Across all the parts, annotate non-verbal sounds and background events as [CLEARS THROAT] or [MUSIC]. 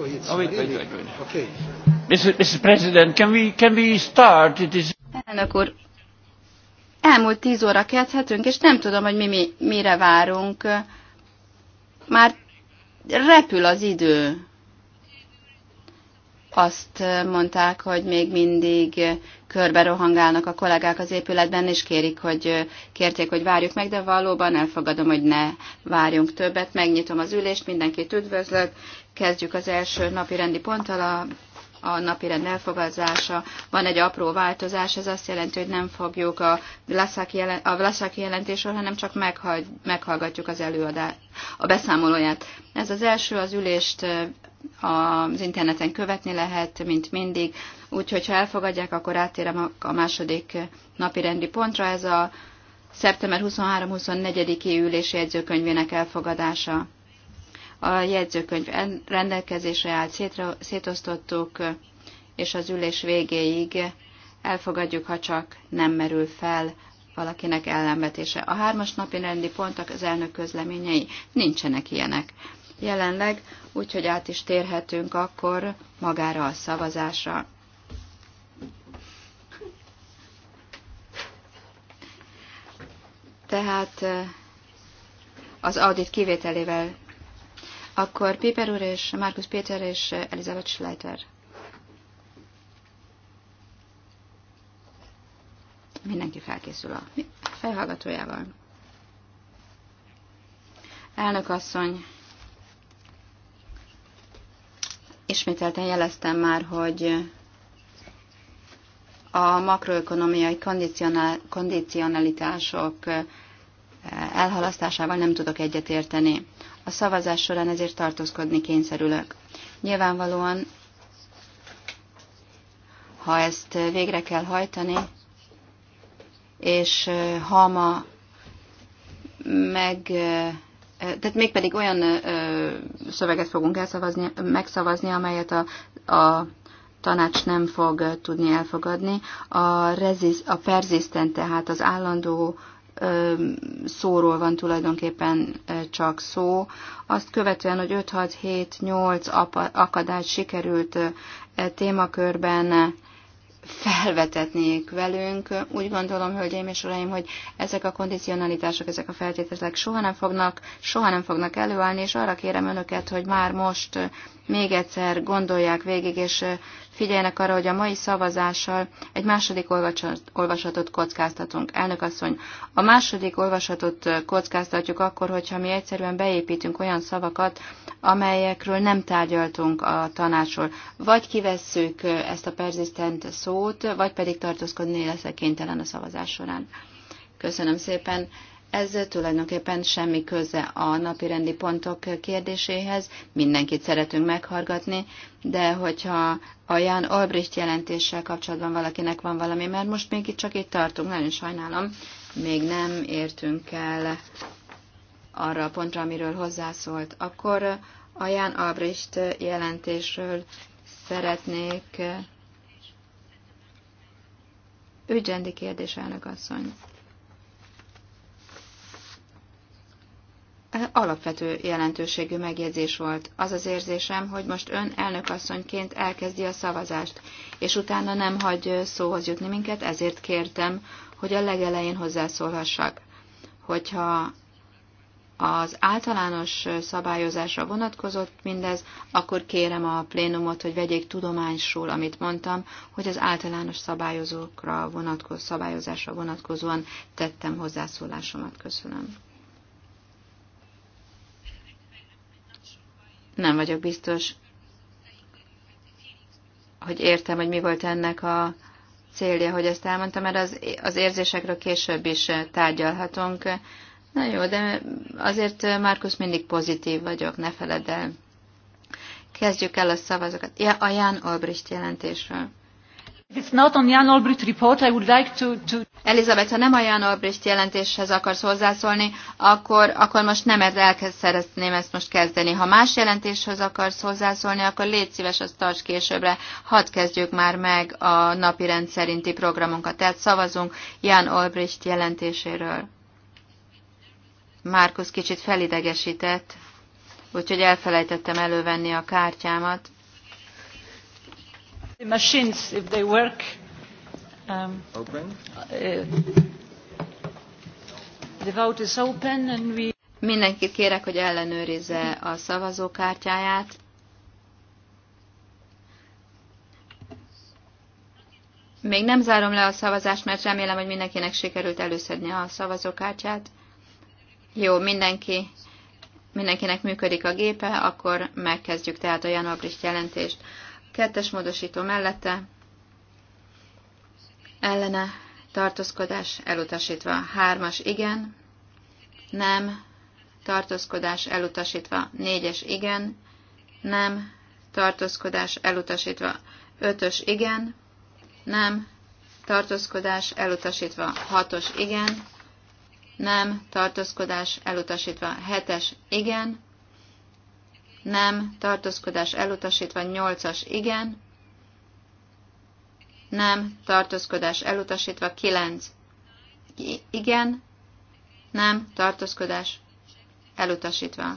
Oh, Mr. President, can we, can we start? It is... Elnök úr, elmúlt tíz óra kezdhetünk, és nem tudom, hogy mi, mi mire várunk. Már repül az idő azt mondták, hogy még mindig körbe rohangálnak a kollégák az épületben, és kérik, hogy kérték, hogy várjuk meg, de valóban elfogadom, hogy ne várjunk többet. Megnyitom az ülést, mindenkit üdvözlök. Kezdjük az első napi rendi ponttal, a, a napi rend elfogadása. Van egy apró változás, ez azt jelenti, hogy nem fogjuk a Vlaszaki jelen, jelentésről, hanem csak meghagy, meghallgatjuk az előadást, a beszámolóját. Ez az első, az ülést az interneten követni lehet, mint mindig. Úgyhogy, ha elfogadják, akkor átérem a második napi rendi pontra. Ez a szeptember 23-24-i ülési jegyzőkönyvének elfogadása. A jegyzőkönyv rendelkezésre állt, szétosztottuk, és az ülés végéig elfogadjuk, ha csak nem merül fel valakinek ellenvetése. A hármas napi rendi pontok az elnök közleményei nincsenek ilyenek jelenleg, úgyhogy át is térhetünk akkor magára a szavazásra. Tehát az audit kivételével akkor Piper úr és Markus Péter és Elizabeth Schleiter. Mindenki felkészül a felhallgatójával. Elnök asszony, Ismételten jeleztem már, hogy a makroökonomiai kondicionalitások eh, elhalasztásával nem tudok egyetérteni. A szavazás során ezért tartózkodni kényszerülök. Nyilvánvalóan, ha ezt végre kell hajtani, és eh, ha ma meg eh, tehát mégpedig olyan ö, szöveget fogunk elszavazni, megszavazni, amelyet a, a tanács nem fog tudni elfogadni. A, rezis, a persistent, tehát az állandó ö, szóról van tulajdonképpen ö, csak szó. Azt követően, hogy 5, 6, 7, 8 akadályt sikerült ö, e témakörben ö, felvetetnék velünk. Úgy gondolom, hölgyeim és uraim, hogy ezek a kondicionalitások, ezek a feltételek soha nem fognak, soha nem fognak előállni, és arra kérem önöket, hogy már most még egyszer gondolják végig, és figyeljenek arra, hogy a mai szavazással egy második olvasatot kockáztatunk. Elnök asszony, a második olvasatot kockáztatjuk akkor, hogyha mi egyszerűen beépítünk olyan szavakat, amelyekről nem tárgyaltunk a tanácsról. Vagy kivesszük ezt a persistent szót, vagy pedig tartózkodni leszek kénytelen a szavazás során. Köszönöm szépen. Ez tulajdonképpen semmi köze a napirendi pontok kérdéséhez, mindenkit szeretünk meghallgatni, de hogyha a Ján Albrecht jelentéssel kapcsolatban valakinek van valami, mert most még itt csak itt tartunk, nagyon sajnálom, még nem értünk el arra a pontra, amiről hozzászólt. Akkor a Ján Albrecht jelentésről szeretnék ügyrendi kérdés, elnök asszony. alapvető jelentőségű megjegyzés volt. Az az érzésem, hogy most ön elnökasszonyként elkezdi a szavazást, és utána nem hagy szóhoz jutni minket, ezért kértem, hogy a legelején hozzászólhassak. Hogyha az általános szabályozásra vonatkozott mindez, akkor kérem a plénumot, hogy vegyék tudomásul, amit mondtam, hogy az általános szabályozókra vonatkoz, szabályozásra vonatkozóan tettem hozzászólásomat. Köszönöm. Nem vagyok biztos, hogy értem, hogy mi volt ennek a célja, hogy ezt elmondtam, mert az, az érzésekről később is tárgyalhatunk. Na jó, de azért, Márkusz, mindig pozitív vagyok, ne feledd el. Kezdjük el a szavazokat. Ja, a Jan Olbricht jelentésről. Elizabeth, ha nem a Jan Olbricht jelentéshez akarsz hozzászólni, akkor, akkor most nem ez elkezd szeretném ezt most kezdeni. Ha más jelentéshez akarsz hozzászólni, akkor légy szíves, azt tarts későbbre. Hadd kezdjük már meg a napi rendszerinti szerinti programunkat. Tehát szavazunk Jan Olbricht jelentéséről. Márkusz kicsit felidegesített, úgyhogy elfelejtettem elővenni a kártyámat. The machines, if they work. Um, open. Uh, the vote is open and we... Mindenkit kérek, hogy ellenőrizze a szavazókártyáját. Még nem zárom le a szavazást, mert remélem, hogy mindenkinek sikerült előszedni a szavazókártyát. Jó, mindenki, mindenkinek működik a gépe, akkor megkezdjük tehát a januáris jelentést. Kettes módosító mellette ellene tartózkodás elutasítva. Hármas igen, nem, tartózkodás elutasítva. Négyes igen, nem, tartózkodás elutasítva. Ötös igen, nem, tartózkodás elutasítva. Hatos igen, nem, tartózkodás elutasítva. Hetes igen, nem, tartózkodás elutasítva 8-as, igen, nem, tartózkodás elutasítva 9, igen, nem, tartózkodás elutasítva.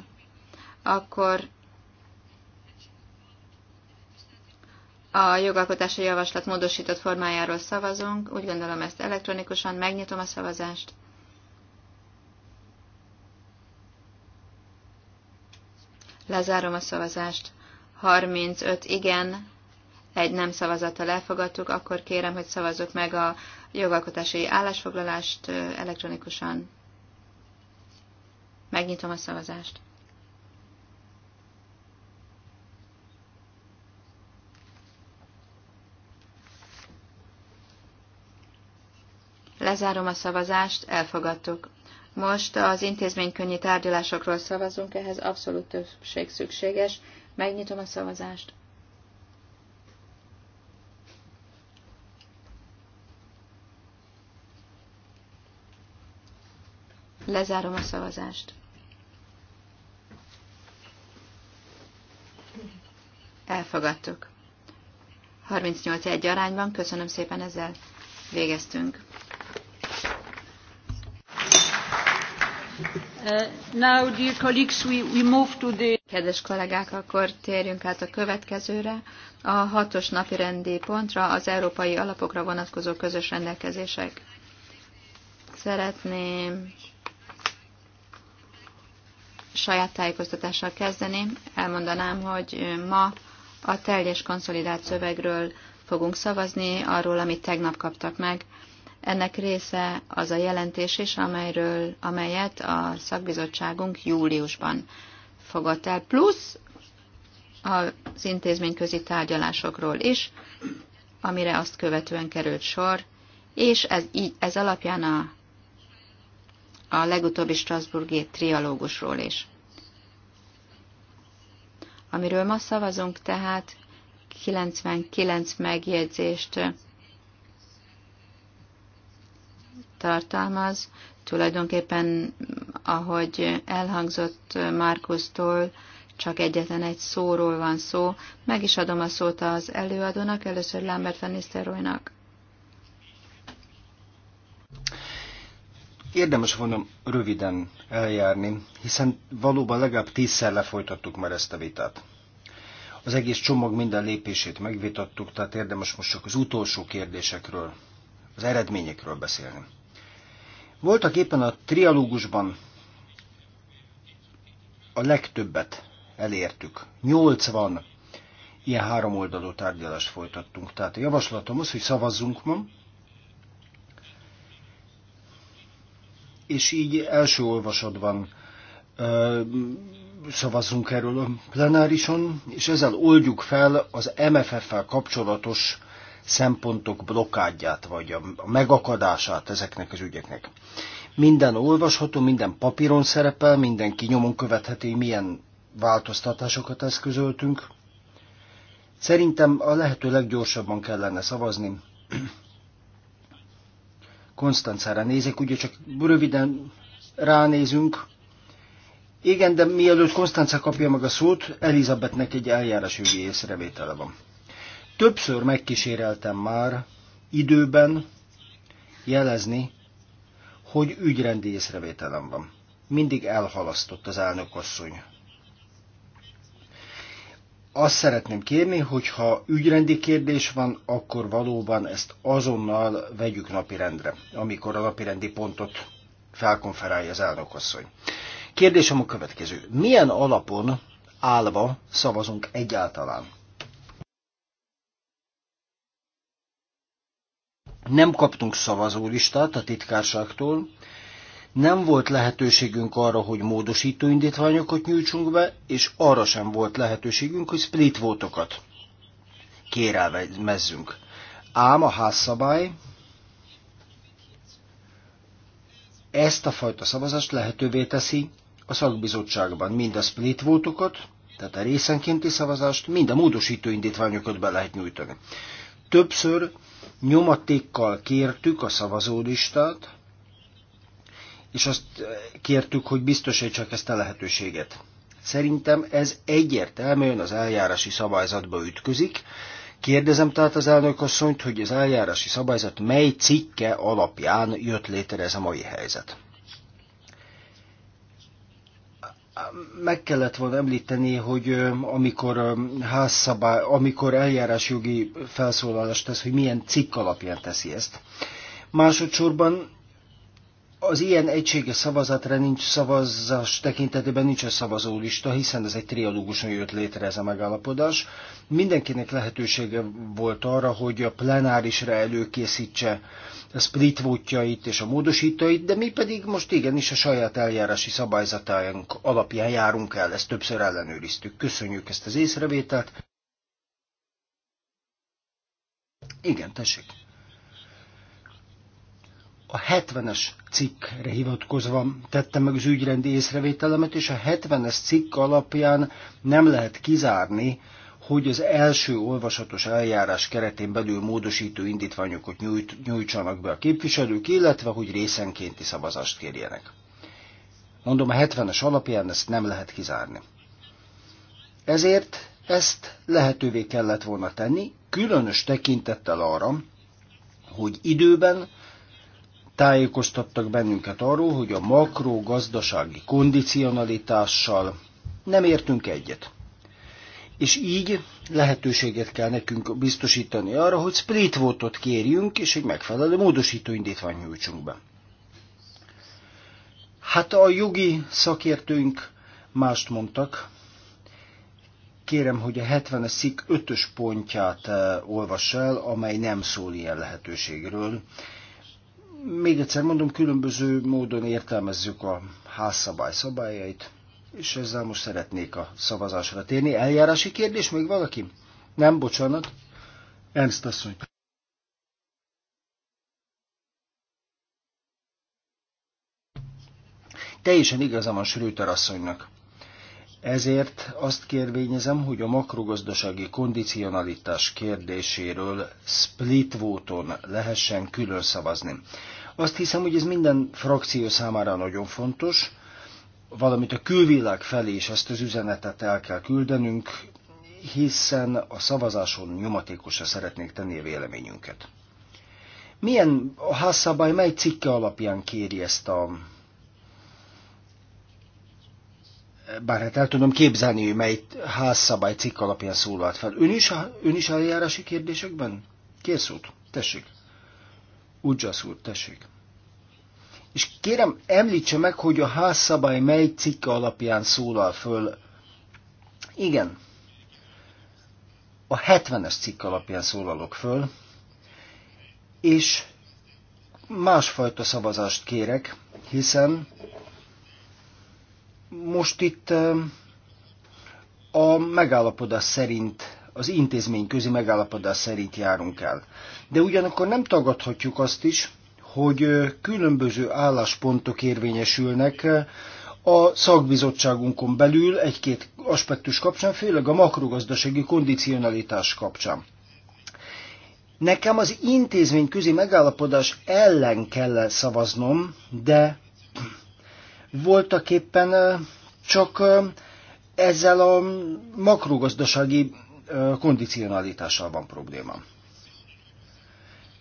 Akkor a jogalkotási javaslat módosított formájáról szavazunk, úgy gondolom ezt elektronikusan, megnyitom a szavazást. Lezárom a szavazást. 35 igen, egy nem szavazattal elfogadtuk, akkor kérem, hogy szavazzuk meg a jogalkotási állásfoglalást elektronikusan. Megnyitom a szavazást. Lezárom a szavazást, elfogadtuk. Most az intézménykönnyi tárgyalásokról szavazunk, ehhez abszolút többség szükséges. Megnyitom a szavazást. Lezárom a szavazást. Elfogadtuk. 38-1 arányban, köszönöm szépen ezzel végeztünk. Uh, now, dear colleagues, we, we move to the... Kedves kollégák, akkor térjünk át a következőre, a hatos napi rendi pontra, az európai alapokra vonatkozó közös rendelkezések. Szeretném saját tájékoztatással kezdeni. Elmondanám, hogy ma a teljes konszolidált szövegről fogunk szavazni, arról, amit tegnap kaptak meg. Ennek része az a jelentés is, amelyről, amelyet a szakbizottságunk júliusban fogadt el, plusz az intézményközi tárgyalásokról is, amire azt követően került sor, és ez, így, ez alapján a, a legutóbbi Strasburgi trialógusról is. Amiről ma szavazunk, tehát 99 megjegyzést tartalmaz. Tulajdonképpen, ahogy elhangzott Márkusztól, csak egyetlen egy szóról van szó. Meg is adom a szót az előadónak, először Lambert van Nisztelrojnak. Érdemes volna röviden eljárni, hiszen valóban legalább tízszer lefolytattuk már ezt a vitát. Az egész csomag minden lépését megvitattuk, tehát érdemes most csak az utolsó kérdésekről, az eredményekről beszélni. Voltak éppen a trialógusban a legtöbbet elértük. 80 ilyen három oldalú tárgyalást folytattunk. Tehát a javaslatom az, hogy szavazzunk ma, és így első olvasatban ö, szavazzunk erről a plenárison, és ezzel oldjuk fel az MFF-fel kapcsolatos szempontok blokádját, vagy a megakadását ezeknek az ügyeknek. Minden olvasható, minden papíron szerepel, mindenki nyomon követheti, milyen változtatásokat eszközöltünk. Szerintem a lehető leggyorsabban kellene szavazni. [CLEARS THROAT] Konstancára nézek, ugye csak röviden ránézünk. Igen, de mielőtt Konstanca kapja meg a szót, Elizabethnek egy eljárásügyi észrevétele van. Többször megkíséreltem már időben jelezni, hogy ügyrendi észrevételem van. Mindig elhalasztott az elnökasszony. Azt szeretném kérni, hogy ha ügyrendi kérdés van, akkor valóban ezt azonnal vegyük napirendre, amikor a napirendi pontot felkonferálja az elnökasszony. Kérdésem a következő. Milyen alapon állva szavazunk egyáltalán? Nem kaptunk szavazólistát a titkárságtól, nem volt lehetőségünk arra, hogy módosító indítványokat nyújtsunk be, és arra sem volt lehetőségünk, hogy split votokat kérelmezzünk. Ám a házszabály ezt a fajta szavazást lehetővé teszi a szakbizottságban mind a split votokat, tehát a részenkénti szavazást, mind a módosító indítványokat be lehet nyújtani. Többször nyomatékkal kértük a szavazólistát, és azt kértük, hogy biztosítsák ezt a lehetőséget. Szerintem ez egyértelműen az eljárási szabályzatba ütközik. Kérdezem tehát az elnök asszonyt, hogy az eljárási szabályzat mely cikke alapján jött létre ez a mai helyzet. meg kellett volna említeni, hogy amikor házszabály, amikor eljárásjogi felszólalást tesz, hogy milyen cikk alapján teszi ezt. Másodszorban az ilyen egységes szavazatra nincs szavazás tekintetében nincs szavazólista, hiszen ez egy trialóguson jött létre ez a megállapodás. Mindenkinek lehetősége volt arra, hogy a plenárisra előkészítse a split votjait és a módosítóit, de mi pedig most igenis a saját eljárási szabályzatánk alapján járunk el, ezt többször ellenőriztük. Köszönjük ezt az észrevételt. Igen, tessék a 70-es cikkre hivatkozva tettem meg az ügyrendi észrevételemet, és a 70-es cikk alapján nem lehet kizárni, hogy az első olvasatos eljárás keretén belül módosító indítványokat nyújt, nyújtsanak be a képviselők, illetve hogy részenkénti szavazást kérjenek. Mondom, a 70-es alapján ezt nem lehet kizárni. Ezért ezt lehetővé kellett volna tenni, különös tekintettel arra, hogy időben tájékoztattak bennünket arról, hogy a makrogazdasági kondicionalitással nem értünk egyet. És így lehetőséget kell nekünk biztosítani arra, hogy split votot kérjünk, és egy megfelelő módosító indítvány nyújtsunk be. Hát a jogi szakértőink mást mondtak. Kérem, hogy a 70-es szik 5-ös pontját eh, olvass el, amely nem szól ilyen lehetőségről még egyszer mondom, különböző módon értelmezzük a házszabály szabályait, és ezzel most szeretnék a szavazásra térni. Eljárási kérdés még valaki? Nem, bocsánat. Ernst asszony. Teljesen igaza van Schröter asszonynak. Ezért azt kérvényezem, hogy a makrogazdasági kondicionalitás kérdéséről split voton lehessen külön szavazni. Azt hiszem, hogy ez minden frakció számára nagyon fontos, valamint a külvilág felé is ezt az üzenetet el kell küldenünk, hiszen a szavazáson nyomatékosra szeretnék tenni a véleményünket. Milyen a házszabály, mely cikke alapján kéri ezt a bár hát el tudom képzelni, hogy mely házszabály cikk alapján szólalt fel. Ön is, ön is eljárási kérdésekben? Kér szót, tessék. az úr, tessék. És kérem, említse meg, hogy a házszabály mely cikk alapján szólal föl. Igen, a 70-es cikk alapján szólalok föl, és másfajta szavazást kérek, hiszen most itt a megállapodás szerint, az közi megállapodás szerint járunk el. De ugyanakkor nem tagadhatjuk azt is, hogy különböző álláspontok érvényesülnek a szakbizottságunkon belül egy-két aspektus kapcsán, főleg a makrogazdasági kondicionalitás kapcsán. Nekem az közi megállapodás ellen kell szavaznom, de voltak éppen csak ezzel a makrogazdasági kondicionalitással van probléma.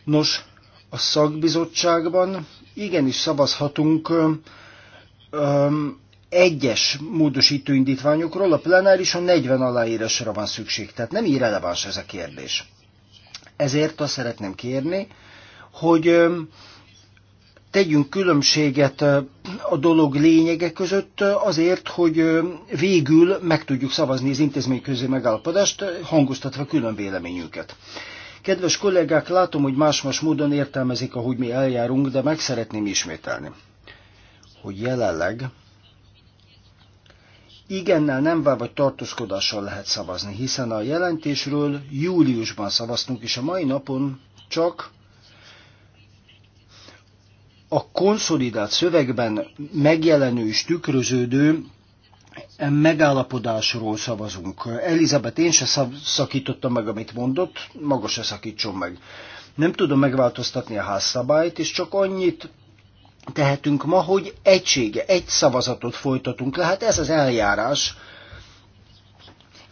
Nos, a szakbizottságban igenis szavazhatunk egyes módosító indítványokról, a plenárison 40 aláírásra van szükség, tehát nem irreleváns ez a kérdés. Ezért azt szeretném kérni, hogy tegyünk különbséget a dolog lényege között azért, hogy végül meg tudjuk szavazni az intézményközi megállapodást, hangoztatva külön véleményünket. Kedves kollégák, látom, hogy más-más módon értelmezik, ahogy mi eljárunk, de meg szeretném ismételni, hogy jelenleg igennel, vár, vagy tartózkodással lehet szavazni, hiszen a jelentésről júliusban szavaztunk, és a mai napon csak a konszolidált szövegben megjelenő és tükröződő megállapodásról szavazunk. Elizabeth, én se szakítottam meg, amit mondott, maga se szakítson meg. Nem tudom megváltoztatni a házszabályt, és csak annyit tehetünk ma, hogy egysége, egy szavazatot folytatunk Lehet, ez az eljárás,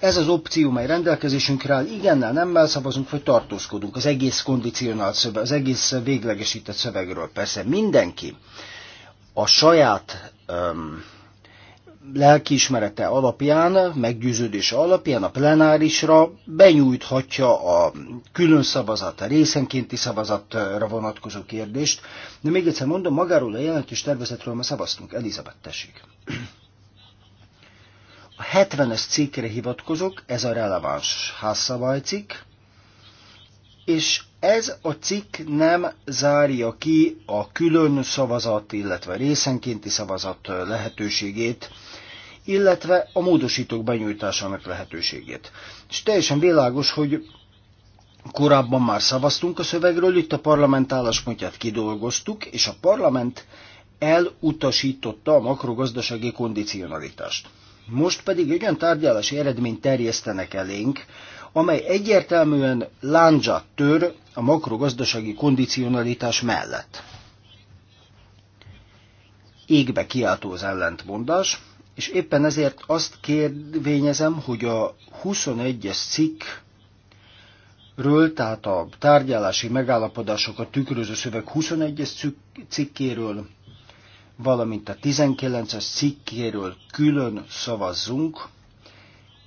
ez az opció, mely rendelkezésünkre áll, igennel, nemmel szavazunk, vagy tartózkodunk az egész kondicionált szöveg, az egész véglegesített szövegről. Persze mindenki a saját um, lelkiismerete alapján, meggyőződése alapján a plenárisra benyújthatja a külön szavazat, a részenkénti szavazatra vonatkozó kérdést. De még egyszer mondom, magáról a jelentős tervezetről ma szavaztunk. Elizabeth, tessék. A 70-es cikkre hivatkozok, ez a releváns cikk, és ez a cikk nem zárja ki a külön szavazat, illetve részenkénti szavazat lehetőségét, illetve a módosítók benyújtásának lehetőségét. És teljesen világos, hogy korábban már szavaztunk a szövegről, itt a parlament álláspontját kidolgoztuk, és a parlament elutasította a makrogazdasági kondicionalitást. Most pedig egy olyan tárgyalási eredményt terjesztenek elénk, amely egyértelműen lándzsat tör a makrogazdasági kondicionalitás mellett. Égbe kiáltó az ellentmondás, és éppen ezért azt kérvényezem, hogy a 21-es cikk ről, tehát a tárgyalási megállapodásokat tükröző szöveg 21-es cikkéről valamint a 19-es cikkéről külön szavazzunk.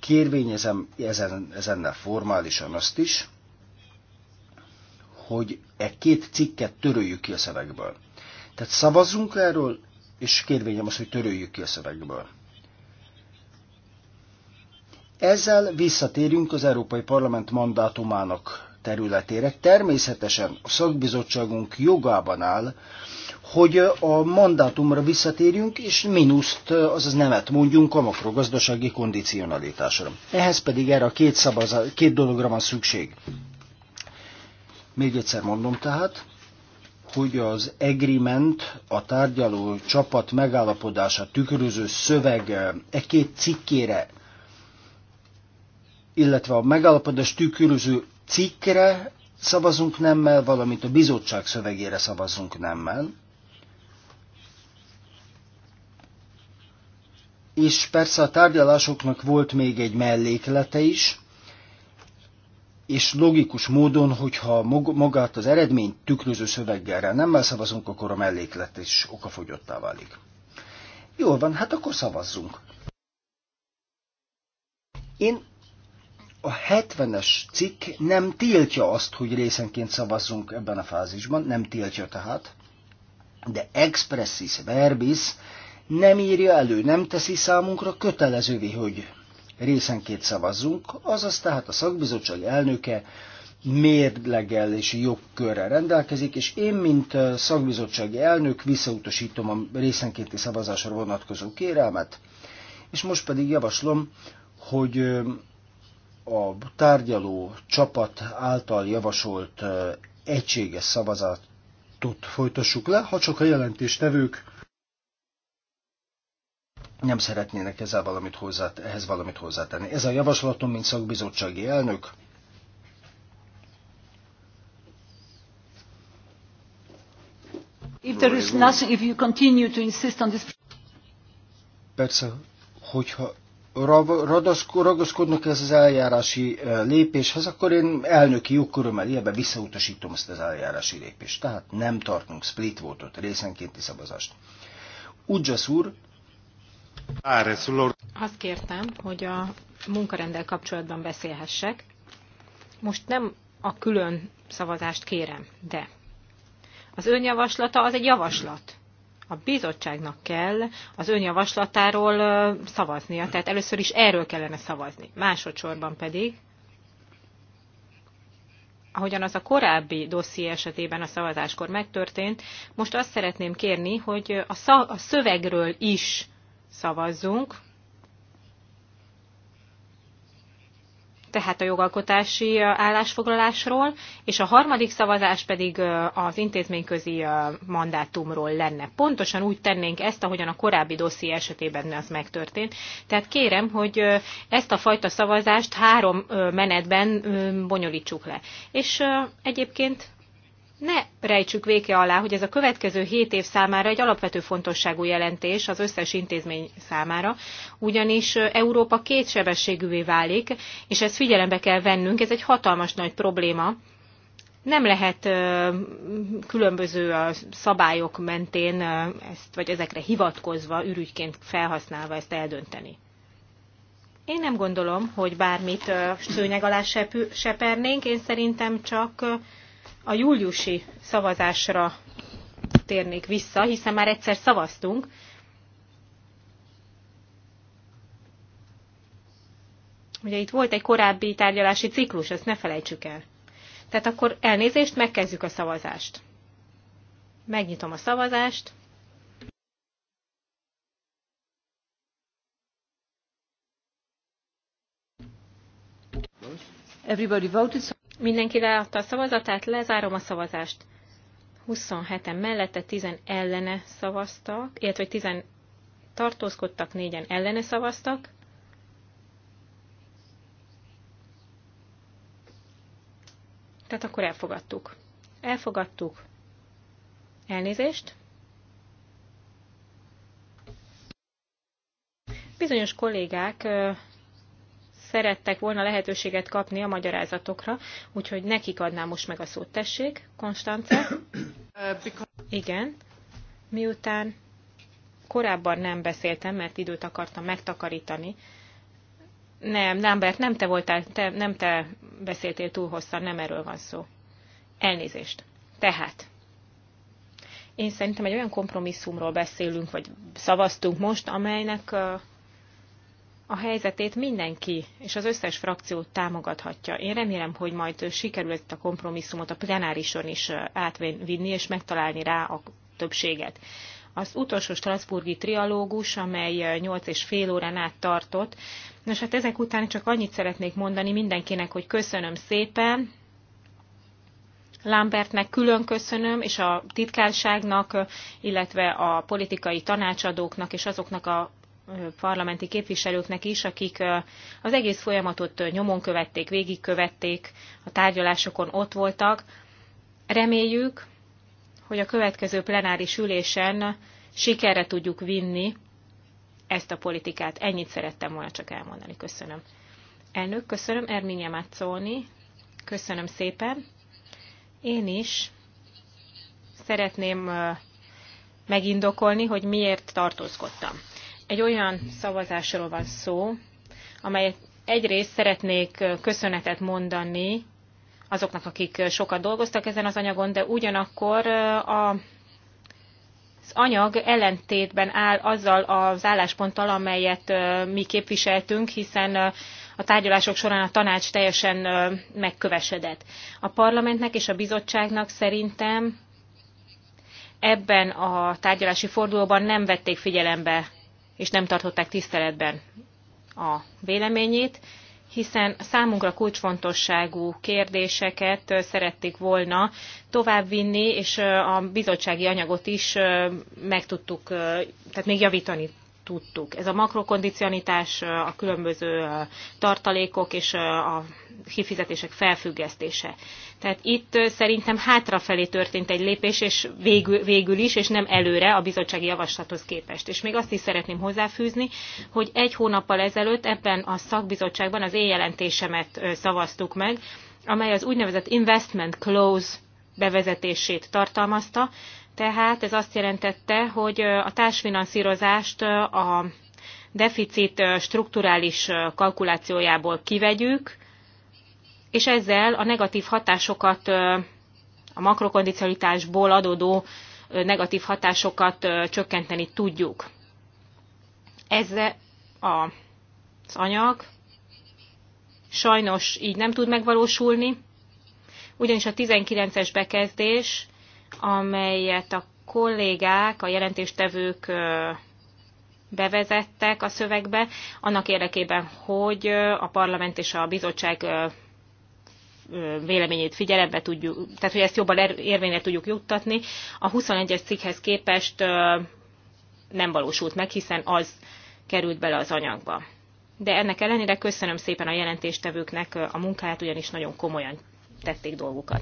Kérvényezem ezen, ezennel formálisan azt is, hogy e két cikket töröljük ki a szövegből. Tehát szavazzunk erről, és kérvényem az, hogy töröljük ki a szövegből. Ezzel visszatérünk az Európai Parlament mandátumának területére. Természetesen a szakbizottságunk jogában áll, hogy a mandátumra visszatérjünk, és mínuszt, azaz nemet mondjunk a makrogazdasági kondicionalitásra. Ehhez pedig erre a két, szabaz, két dologra van szükség. Még egyszer mondom tehát, hogy az agreement, a tárgyaló csapat megállapodása tükröző szöveg e két cikkére, illetve a megállapodás tükröző cikkre szavazunk nemmel, valamint a bizottság szövegére szavazunk nemmel. és persze a tárgyalásoknak volt még egy melléklete is, és logikus módon, hogyha magát az eredményt tükröző szöveggel nem szavazunk, akkor a melléklet is okafogyottá válik. Jól van, hát akkor szavazzunk. Én a 70-es cikk nem tiltja azt, hogy részenként szavazzunk ebben a fázisban, nem tiltja tehát, de expressis verbis nem írja elő, nem teszi számunkra kötelezővé, hogy részenként szavazzunk, azaz tehát a szakbizottság elnöke mérlegelési jogkörrel rendelkezik, és én, mint szakbizottsági elnök visszautasítom a részenkénti szavazásra vonatkozó kérelmet, és most pedig javaslom, hogy a tárgyaló csapat által javasolt egységes szavazatot folytassuk le, ha csak a jelentéstevők nem szeretnének ezzel valamit hozzá, ehhez valamit hozzátenni. Ez a javaslatom, mint szakbizottsági elnök, If there is nothing, if you continue to insist on this... Persze, hogyha ragaszkodnak ez az eljárási eh, lépéshez, akkor én elnöki jogkörömmel ilyenbe visszautasítom ezt az eljárási lépést. Tehát nem tartunk split votot, részenkénti szavazást. Udzsasz úr azt kértem, hogy a munkarendel kapcsolatban beszélhessek. Most nem a külön szavazást kérem, de az önjavaslata az egy javaslat. A bizottságnak kell az önjavaslatáról szavaznia, tehát először is erről kellene szavazni. Másodszorban pedig, ahogyan az a korábbi dosszié esetében a szavazáskor megtörtént, most azt szeretném kérni, hogy a, szövegről is szavazzunk. tehát a jogalkotási állásfoglalásról, és a harmadik szavazás pedig az intézményközi mandátumról lenne. Pontosan úgy tennénk ezt, ahogyan a korábbi dosszi esetében az megtörtént. Tehát kérem, hogy ezt a fajta szavazást három menetben bonyolítsuk le. És egyébként ne rejtsük véke alá, hogy ez a következő 7 év számára egy alapvető fontosságú jelentés az összes intézmény számára, ugyanis Európa kétsebességűvé válik, és ezt figyelembe kell vennünk, ez egy hatalmas nagy probléma. Nem lehet különböző szabályok mentén ezt, vagy ezekre hivatkozva, ürügyként felhasználva ezt eldönteni. Én nem gondolom, hogy bármit szőnyeg alá sepernénk, én szerintem csak a júliusi szavazásra térnék vissza, hiszen már egyszer szavaztunk. Ugye itt volt egy korábbi tárgyalási ciklus, ezt ne felejtsük el. Tehát akkor elnézést, megkezdjük a szavazást. Megnyitom a szavazást. Everybody voted. Mindenki leadta a szavazatát, lezárom a szavazást. 27-en mellette 10 ellene szavaztak, illetve 10 tartózkodtak, 4-en ellene szavaztak. Tehát akkor elfogadtuk. Elfogadtuk. Elnézést. Bizonyos kollégák szerettek volna lehetőséget kapni a magyarázatokra, úgyhogy nekik adnám most meg a szót. Tessék, Konstance. [COUGHS] Igen. Miután korábban nem beszéltem, mert időt akartam megtakarítani, nem, Lambert, nem te voltál, te, nem te beszéltél túl hosszan, nem erről van szó. Elnézést. Tehát, én szerintem egy olyan kompromisszumról beszélünk, vagy szavaztunk most, amelynek a helyzetét mindenki és az összes frakció támogathatja. Én remélem, hogy majd sikerül ezt a kompromisszumot a plenárison is átvinni és megtalálni rá a többséget. Az utolsó Strasburgi trialógus, amely 8 és fél órán át tartott. Nos, hát ezek után csak annyit szeretnék mondani mindenkinek, hogy köszönöm szépen, Lambertnek külön köszönöm, és a titkárságnak, illetve a politikai tanácsadóknak, és azoknak a parlamenti képviselőknek is, akik az egész folyamatot nyomon követték, végigkövették, a tárgyalásokon ott voltak. Reméljük, hogy a következő plenáris ülésen sikerre tudjuk vinni ezt a politikát. Ennyit szerettem volna csak elmondani. Köszönöm. Elnök, köszönöm. Erminje Mazzoni, köszönöm szépen. Én is szeretném megindokolni, hogy miért tartózkodtam. Egy olyan szavazásról van szó, amelyet egyrészt szeretnék köszönetet mondani azoknak, akik sokat dolgoztak ezen az anyagon, de ugyanakkor a az anyag ellentétben áll azzal az állásponttal, amelyet mi képviseltünk, hiszen a tárgyalások során a tanács teljesen megkövesedett. A parlamentnek és a bizottságnak szerintem ebben a tárgyalási fordulóban nem vették figyelembe és nem tartották tiszteletben a véleményét, hiszen számunkra kulcsfontosságú kérdéseket szerették volna továbbvinni, és a bizottsági anyagot is meg tudtuk, tehát még javítani tudtuk. Ez a makrokondicionitás, a különböző tartalékok és a kifizetések felfüggesztése. Tehát itt szerintem hátrafelé történt egy lépés, és végül, végül is, és nem előre a bizottsági javaslathoz képest. És még azt is szeretném hozzáfűzni, hogy egy hónappal ezelőtt ebben a szakbizottságban az jelentésemet szavaztuk meg, amely az úgynevezett investment close bevezetését tartalmazta, tehát ez azt jelentette, hogy a társfinanszírozást a deficit strukturális kalkulációjából kivegyük, és ezzel a negatív hatásokat, a makrokondicionalitásból adódó negatív hatásokat csökkenteni tudjuk. Ez az anyag sajnos így nem tud megvalósulni, ugyanis a 19-es bekezdés, amelyet a kollégák, a jelentéstevők bevezettek a szövegbe, annak érdekében, hogy a parlament és a bizottság véleményét figyelembe tudjuk, tehát hogy ezt jobban er-, érvényre tudjuk juttatni. A 21-es cikkhez képest nem valósult meg, hiszen az került bele az anyagba. De ennek ellenére köszönöm szépen a jelentéstevőknek a munkáját, ugyanis nagyon komolyan tették dolgukat.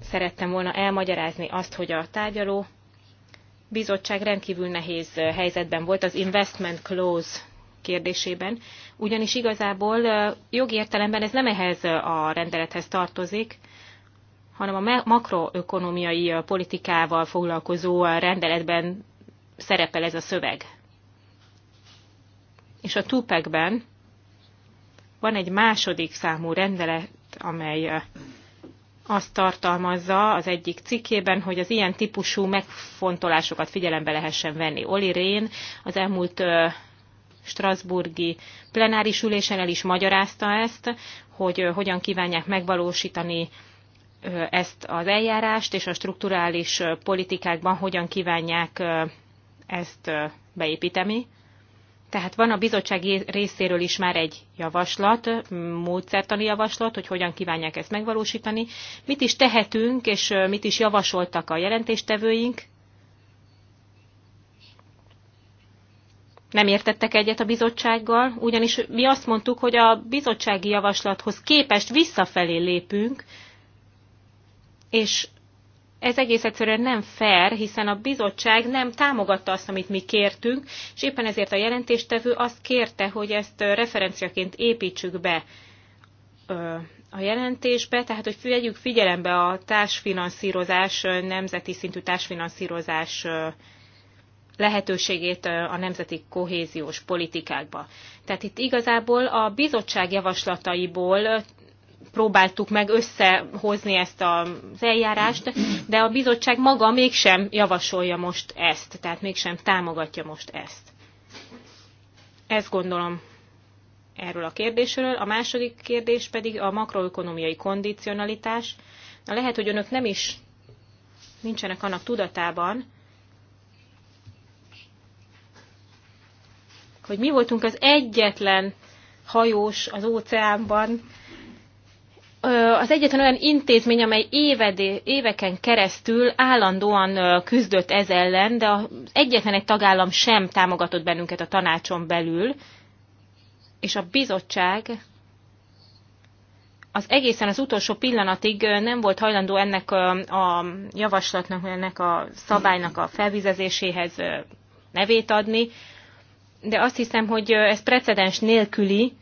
Szerettem volna elmagyarázni azt, hogy a tárgyaló bizottság rendkívül nehéz helyzetben volt az investment clause kérdésében, ugyanis igazából jogi értelemben ez nem ehhez a rendelethez tartozik, hanem a makroökonomiai politikával foglalkozó rendeletben szerepel ez a szöveg. És a TUPEC-ben van egy második számú rendelet, amely azt tartalmazza az egyik cikkében, hogy az ilyen típusú megfontolásokat figyelembe lehessen venni. Oli Rén az elmúlt Strasburgi plenáris ülésen el is magyarázta ezt, hogy hogyan kívánják megvalósítani ezt az eljárást, és a strukturális politikákban hogyan kívánják ezt beépíteni. Tehát van a bizottság részéről is már egy javaslat, módszertani javaslat, hogy hogyan kívánják ezt megvalósítani. Mit is tehetünk, és mit is javasoltak a jelentéstevőink nem értettek egyet a bizottsággal, ugyanis mi azt mondtuk, hogy a bizottsági javaslathoz képest visszafelé lépünk, és ez egész egyszerűen nem fair, hiszen a bizottság nem támogatta azt, amit mi kértünk, és éppen ezért a jelentéstevő azt kérte, hogy ezt referenciaként építsük be a jelentésbe, tehát hogy vegyük figyelembe a társfinanszírozás, nemzeti szintű társfinanszírozás lehetőségét a nemzeti kohéziós politikákba. Tehát itt igazából a bizottság javaslataiból próbáltuk meg összehozni ezt az eljárást, de a bizottság maga mégsem javasolja most ezt, tehát mégsem támogatja most ezt. Ezt gondolom erről a kérdésről. A második kérdés pedig a makroökonomiai kondicionalitás. Na, lehet, hogy önök nem is nincsenek annak tudatában, hogy mi voltunk az egyetlen hajós az óceánban, az egyetlen olyan intézmény, amely évedé, éveken keresztül állandóan küzdött ez ellen, de az egyetlen egy tagállam sem támogatott bennünket a tanácson belül, és a bizottság az egészen az utolsó pillanatig nem volt hajlandó ennek a javaslatnak, ennek a szabálynak a felvizezéséhez nevét adni, de azt hiszem, hogy ez precedens nélküli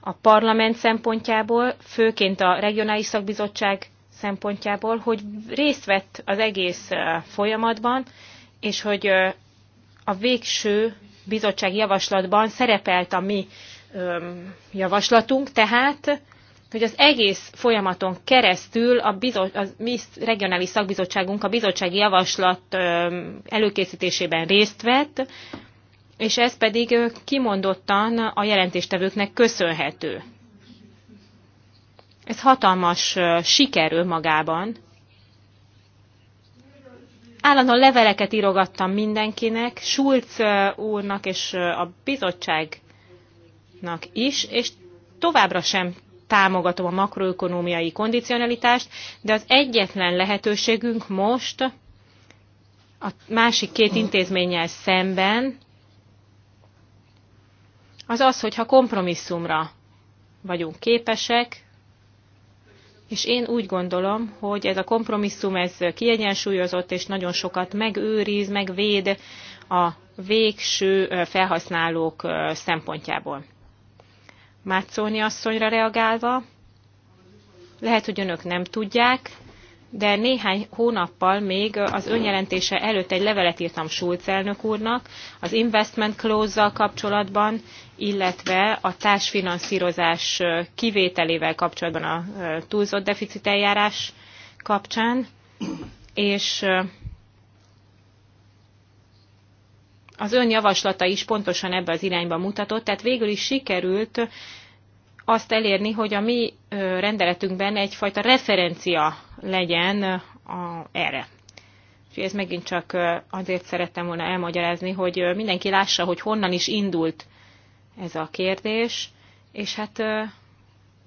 a parlament szempontjából, főként a regionális szakbizottság szempontjából, hogy részt vett az egész folyamatban, és hogy a végső bizottság javaslatban szerepelt a mi javaslatunk, tehát hogy az egész folyamaton keresztül a, bizot, a mi regionális szakbizottságunk a bizottsági javaslat előkészítésében részt vett, és ez pedig kimondottan a jelentéstevőknek köszönhető. Ez hatalmas siker önmagában. Állandóan leveleket írogattam mindenkinek, Schulz úrnak és a bizottságnak is, és továbbra sem támogatom a makroökonómiai kondicionalitást, de az egyetlen lehetőségünk most a másik két intézménnyel szemben, az az, hogyha kompromisszumra vagyunk képesek, és én úgy gondolom, hogy ez a kompromisszum ez kiegyensúlyozott, és nagyon sokat megőriz, megvéd a végső felhasználók szempontjából. Mátszóni asszonyra reagálva, lehet, hogy önök nem tudják, de néhány hónappal még az önjelentése előtt egy levelet írtam Schulz elnök úrnak az investment close-zal kapcsolatban, illetve a társfinanszírozás kivételével kapcsolatban a túlzott deficit eljárás kapcsán, és az ön javaslata is pontosan ebbe az irányba mutatott, tehát végül is sikerült azt elérni, hogy a mi rendeletünkben egyfajta referencia legyen a, erre. És ez megint csak azért szerettem volna elmagyarázni, hogy mindenki lássa, hogy honnan is indult ez a kérdés, és hát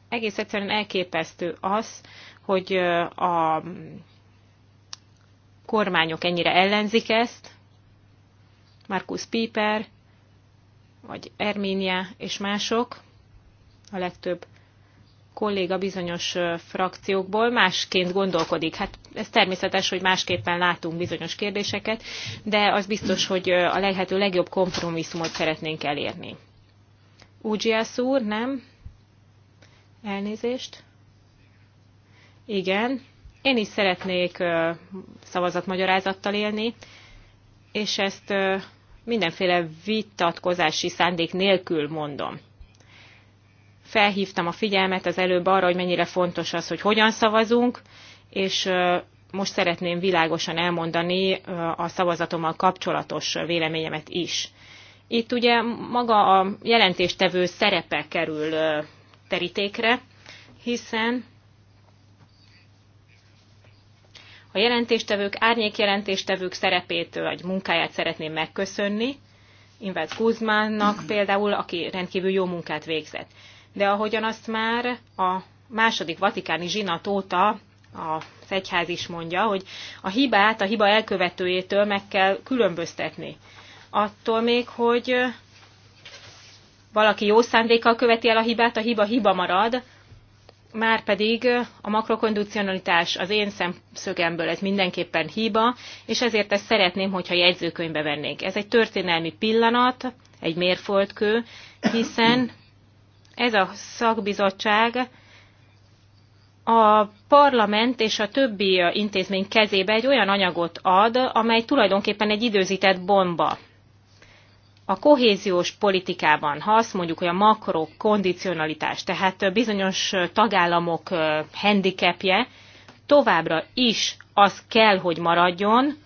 egész egyszerűen elképesztő az, hogy a kormányok ennyire ellenzik ezt, Markus Piper, vagy Erménia és mások, a legtöbb kolléga bizonyos frakciókból másként gondolkodik. Hát ez természetes, hogy másképpen látunk bizonyos kérdéseket, de az biztos, hogy a lehető legjobb kompromisszumot szeretnénk elérni. Ugyász úr, nem? Elnézést? Igen. Én is szeretnék szavazatmagyarázattal élni, és ezt mindenféle vitatkozási szándék nélkül mondom felhívtam a figyelmet az előbb arra, hogy mennyire fontos az, hogy hogyan szavazunk, és most szeretném világosan elmondani a szavazatommal kapcsolatos véleményemet is. Itt ugye maga a jelentéstevő szerepe kerül terítékre, hiszen a jelentéstevők, árnyékjelentéstevők szerepét vagy munkáját szeretném megköszönni, Invert Kuzmánnak például, aki rendkívül jó munkát végzett de ahogyan azt már a második vatikáni zsinat óta az egyház is mondja, hogy a hibát a hiba elkövetőjétől meg kell különböztetni. Attól még, hogy valaki jó szándékkal követi el a hibát, a hiba hiba marad, már pedig a makrokondicionalitás az én szemszögemből ez mindenképpen hiba, és ezért ezt szeretném, hogyha jegyzőkönyvbe vennék. Ez egy történelmi pillanat, egy mérföldkő, hiszen ez a szakbizottság a parlament és a többi intézmény kezébe egy olyan anyagot ad, amely tulajdonképpen egy időzített bomba. A kohéziós politikában, ha azt mondjuk, hogy a makro kondicionalitás, tehát bizonyos tagállamok handicapje, továbbra is az kell, hogy maradjon,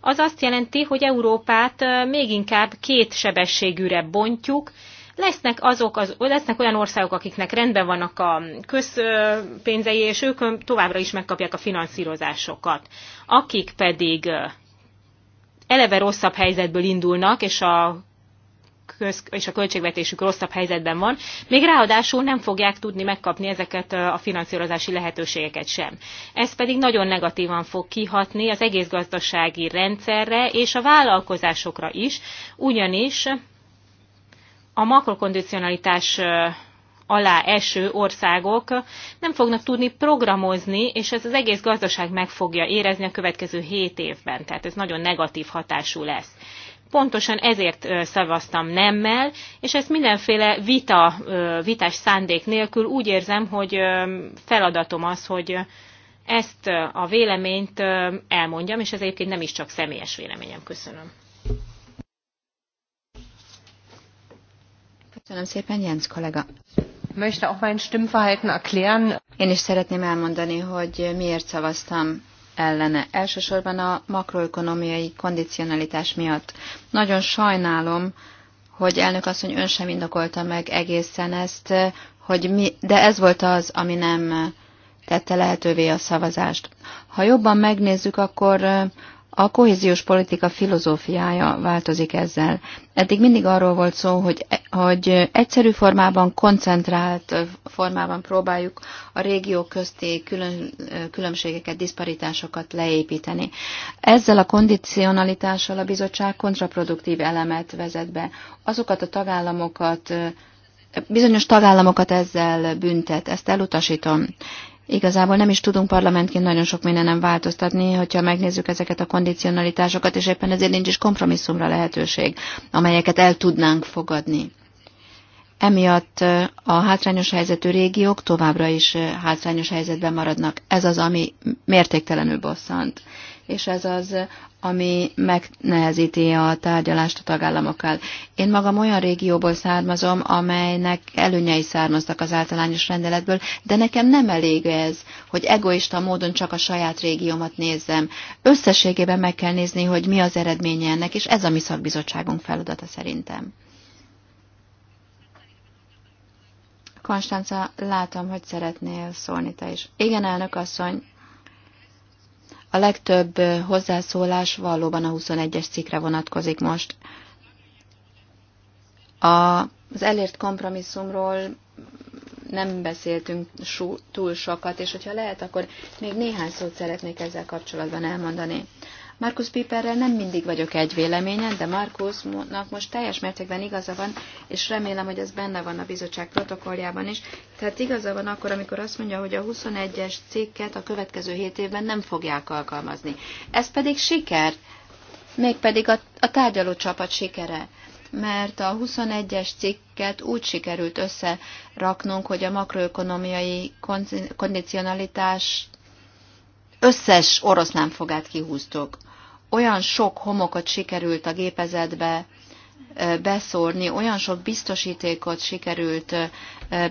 az azt jelenti, hogy Európát még inkább kétsebességűre bontjuk, Lesznek, azok az, lesznek olyan országok, akiknek rendben vannak a közpénzei, és ők továbbra is megkapják a finanszírozásokat. Akik pedig eleve rosszabb helyzetből indulnak, és a köz, és a költségvetésük rosszabb helyzetben van, még ráadásul nem fogják tudni megkapni ezeket a finanszírozási lehetőségeket sem. Ez pedig nagyon negatívan fog kihatni az egész gazdasági rendszerre és a vállalkozásokra is, ugyanis a makrokondicionalitás alá eső országok nem fognak tudni programozni, és ez az egész gazdaság meg fogja érezni a következő 7 évben. Tehát ez nagyon negatív hatású lesz. Pontosan ezért szavaztam nemmel, és ezt mindenféle vita, vitás szándék nélkül úgy érzem, hogy feladatom az, hogy ezt a véleményt elmondjam, és ez egyébként nem is csak személyes véleményem. Köszönöm. Köszönöm szépen, Jens kollega. Möchte auch mein Stimmverhalten erklären. Én is szeretném elmondani, hogy miért szavaztam ellene. Elsősorban a makroökonomiai kondicionalitás miatt. Nagyon sajnálom, hogy elnök asszony ön sem indokolta meg egészen ezt, hogy mi, de ez volt az, ami nem tette lehetővé a szavazást. Ha jobban megnézzük, akkor a kohéziós politika filozófiája változik ezzel. Eddig mindig arról volt szó, hogy, e, hogy egyszerű formában, koncentrált formában próbáljuk a régiók közti külön, különbségeket, diszparitásokat leépíteni. Ezzel a kondicionalitással a bizottság kontraproduktív elemet vezet be. Azokat a tagállamokat, bizonyos tagállamokat ezzel büntet, ezt elutasítom igazából nem is tudunk parlamentként nagyon sok minden nem változtatni, hogyha megnézzük ezeket a kondicionalitásokat, és éppen ezért nincs is kompromisszumra lehetőség, amelyeket el tudnánk fogadni. Emiatt a hátrányos helyzetű régiók továbbra is hátrányos helyzetben maradnak. Ez az, ami mértéktelenül bosszant. És ez az, ami megnehezíti a tárgyalást a tagállamokkal. Én magam olyan régióból származom, amelynek előnyei származtak az általányos rendeletből, de nekem nem elég ez, hogy egoista módon csak a saját régiómat nézzem. Összességében meg kell nézni, hogy mi az eredménye ennek, és ez a mi szakbizottságunk feladata szerintem. Konstanca, látom, hogy szeretnél szólni te is. Igen, elnök asszony, a legtöbb hozzászólás valóban a 21-es cikkre vonatkozik most. A, az elért kompromisszumról nem beszéltünk túl sokat, és hogyha lehet, akkor még néhány szót szeretnék ezzel kapcsolatban elmondani. Markus Piperrel nem mindig vagyok egy véleményen, de Markusnak most teljes mértékben igaza van, és remélem, hogy ez benne van a bizottság protokolljában is. Tehát igaza van akkor, amikor azt mondja, hogy a 21-es cikket a következő 7 évben nem fogják alkalmazni. Ez pedig siker, mégpedig a, a tárgyaló csapat sikere mert a 21-es cikket úgy sikerült összeraknunk, hogy a makroökonomiai kondicionalitást összes orosz fogát kihúztuk. Olyan sok homokot sikerült a gépezetbe beszórni, olyan sok biztosítékot sikerült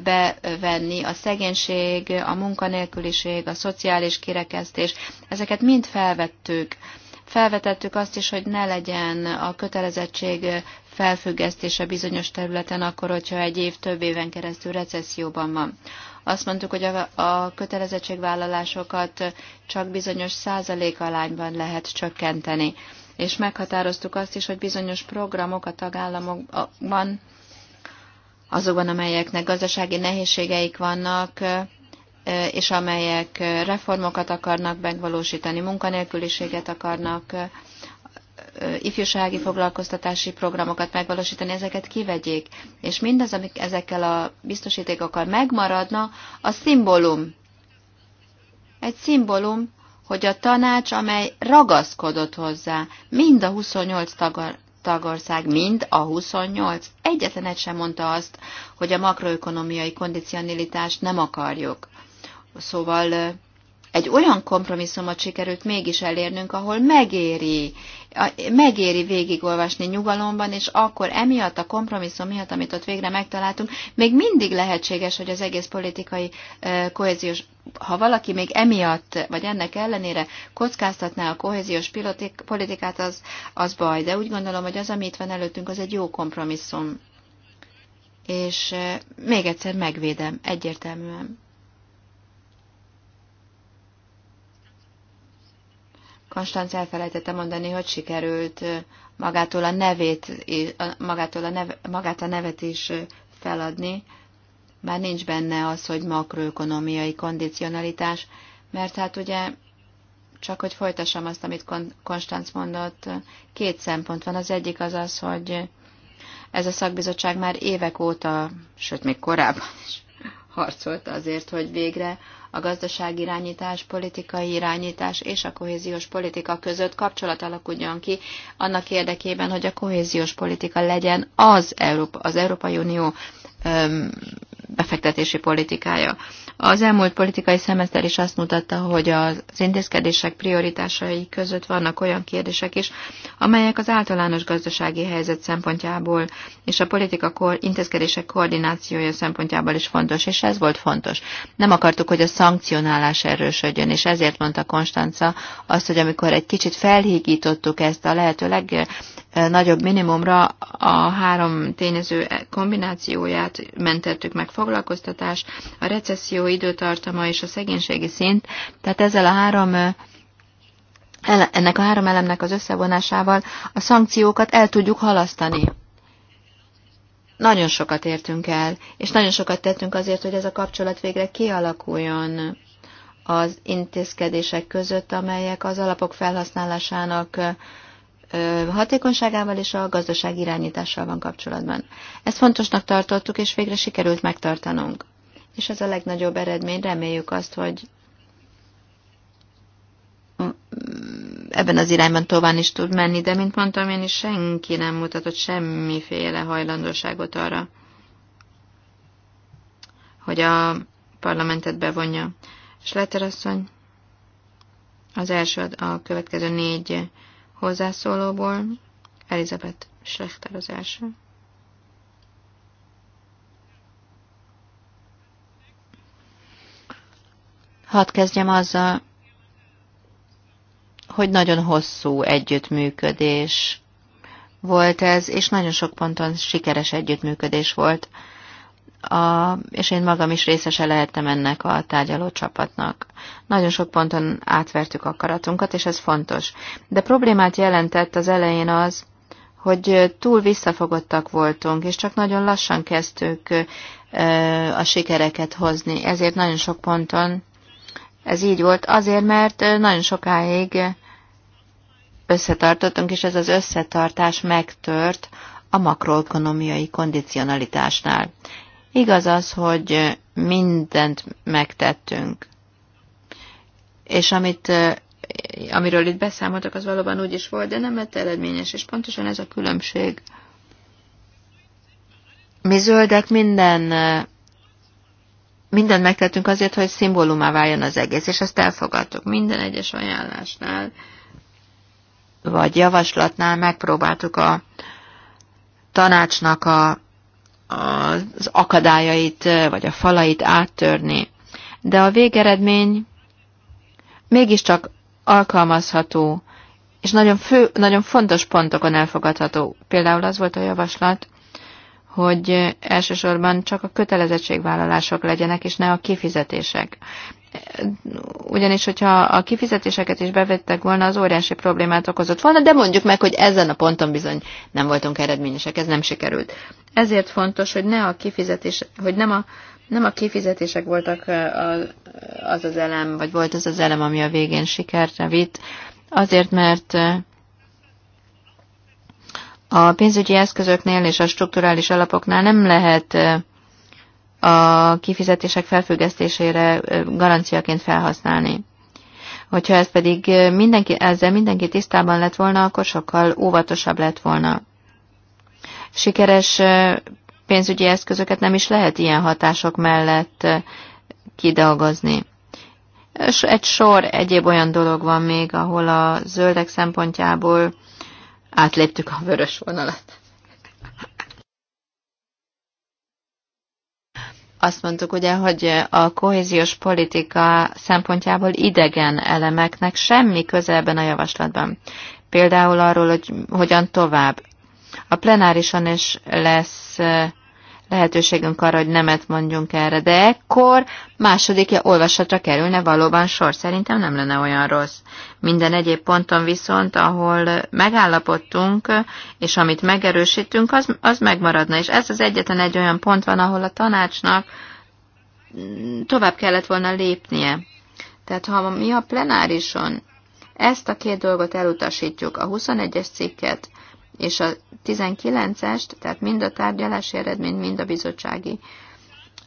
bevenni, a szegénység, a munkanélküliség, a szociális kirekesztés, ezeket mind felvettük. Felvetettük azt is, hogy ne legyen a kötelezettség felfüggesztése bizonyos területen akkor, hogyha egy év több éven keresztül recesszióban van. Azt mondtuk, hogy a, a kötelezettségvállalásokat csak bizonyos százalékalányban lehet csökkenteni. És meghatároztuk azt is, hogy bizonyos programok a tagállamokban, azokban, amelyeknek gazdasági nehézségeik vannak, és amelyek reformokat akarnak megvalósítani, munkanélküliséget akarnak ifjúsági foglalkoztatási programokat megvalósítani, ezeket kivegyék. És mindaz, amik ezekkel a biztosítékokkal megmaradna, a szimbólum. Egy szimbólum, hogy a tanács, amely ragaszkodott hozzá, mind a 28 tagar, tagország, mind a 28, egyetlen egy sem mondta azt, hogy a makroökonomiai kondicionalitást nem akarjuk. Szóval egy olyan kompromisszumot sikerült mégis elérnünk, ahol megéri megéri végigolvasni nyugalomban, és akkor emiatt a kompromisszum miatt, amit ott végre megtaláltunk, még mindig lehetséges, hogy az egész politikai kohéziós, ha valaki még emiatt, vagy ennek ellenére kockáztatná a kohéziós politikát, az, az baj. De úgy gondolom, hogy az, ami itt van előttünk, az egy jó kompromisszum. És még egyszer megvédem, egyértelműen. Konstanc elfelejtette mondani, hogy sikerült magától a nevét, magától a neve, magát a nevet is feladni. Már nincs benne az, hogy makroökonomiai kondicionalitás, mert hát ugye, csak hogy folytassam azt, amit Konstanc mondott, két szempont van. Az egyik az az, hogy ez a szakbizottság már évek óta, sőt még korábban is harcolta azért, hogy végre a irányítás politikai irányítás és a kohéziós politika között kapcsolat alakuljon ki annak érdekében, hogy a kohéziós politika legyen az, Európa, az Európai Unió befektetési politikája. Az elmúlt politikai szemeszter is azt mutatta, hogy az intézkedések prioritásai között vannak olyan kérdések is, amelyek az általános gazdasági helyzet szempontjából és a politika kor, intézkedések koordinációja szempontjából is fontos, és ez volt fontos. Nem akartuk, hogy a szankcionálás erősödjön, és ezért mondta Konstanca azt, hogy amikor egy kicsit felhígítottuk ezt a lehető legnagyobb eh, minimumra a három tényező kombinációját mentettük meg foglalkoztatás, a recesszió időtartama és a szegénységi szint, tehát ezzel a három ennek a három elemnek az összevonásával a szankciókat el tudjuk halasztani. Nagyon sokat értünk el, és nagyon sokat tettünk azért, hogy ez a kapcsolat végre kialakuljon az intézkedések között, amelyek az alapok felhasználásának hatékonyságával és a gazdaság irányítással van kapcsolatban. Ezt fontosnak tartottuk, és végre sikerült megtartanunk. És ez a legnagyobb eredmény, reméljük azt, hogy ebben az irányban tovább is tud menni, de mint mondtam én is, senki nem mutatott semmiféle hajlandóságot arra, hogy a parlamentet bevonja. És Letter asszony az első, a következő négy hozzászólóból. Elizabeth Schlechter az első. Hadd kezdjem azzal, hogy nagyon hosszú együttműködés volt ez, és nagyon sok ponton sikeres együttműködés volt a, és én magam is részese lehettem ennek a tárgyaló csapatnak. Nagyon sok ponton átvertük a karatunkat, és ez fontos. De problémát jelentett az elején az, hogy túl visszafogottak voltunk, és csak nagyon lassan kezdtük a sikereket hozni. Ezért nagyon sok ponton ez így volt. Azért, mert nagyon sokáig összetartottunk, és ez az összetartás megtört a makroekonomiai kondicionalitásnál. Igaz az, hogy mindent megtettünk. És amit, amiről itt beszámoltak, az valóban úgy is volt, de nem lett eredményes, és pontosan ez a különbség. Mi zöldek minden mindent megtettünk azért, hogy szimbólumá váljon az egész, és ezt elfogadtuk. Minden egyes ajánlásnál, vagy javaslatnál megpróbáltuk a tanácsnak a az akadályait vagy a falait áttörni, de a végeredmény mégiscsak alkalmazható, és nagyon, fő, nagyon fontos pontokon elfogadható. Például az volt a javaslat, hogy elsősorban csak a kötelezettségvállalások legyenek, és ne a kifizetések. Ugyanis, hogyha a kifizetéseket is bevettek volna, az óriási problémát okozott volna, de mondjuk meg, hogy ezen a ponton bizony nem voltunk eredményesek, ez nem sikerült. Ezért fontos, hogy, ne a kifizetés, hogy nem, a, nem a kifizetések voltak az az elem, vagy volt az az elem, ami a végén sikertre vitt, azért, mert a pénzügyi eszközöknél és a strukturális alapoknál nem lehet a kifizetések felfüggesztésére garanciaként felhasználni. Hogyha ez pedig mindenki, ezzel mindenki tisztában lett volna, akkor sokkal óvatosabb lett volna. Sikeres pénzügyi eszközöket nem is lehet ilyen hatások mellett kidolgozni. Egy sor egyéb olyan dolog van még, ahol a zöldek szempontjából átléptük a vörös vonalat. Azt mondtuk ugye, hogy a kohéziós politika szempontjából idegen elemeknek semmi közelben a javaslatban. Például arról, hogy hogyan tovább. A plenárisan is lesz lehetőségünk arra, hogy nemet mondjunk erre, de ekkor másodikja olvasatra kerülne valóban sor. Szerintem nem lenne olyan rossz. Minden egyéb ponton viszont, ahol megállapodtunk, és amit megerősítünk, az, az megmaradna. És ez az egyetlen egy olyan pont van, ahol a tanácsnak tovább kellett volna lépnie. Tehát ha mi a plenárison ezt a két dolgot elutasítjuk, a 21-es cikket, és a 19-est, tehát mind a tárgyalási eredményt, mind a bizottsági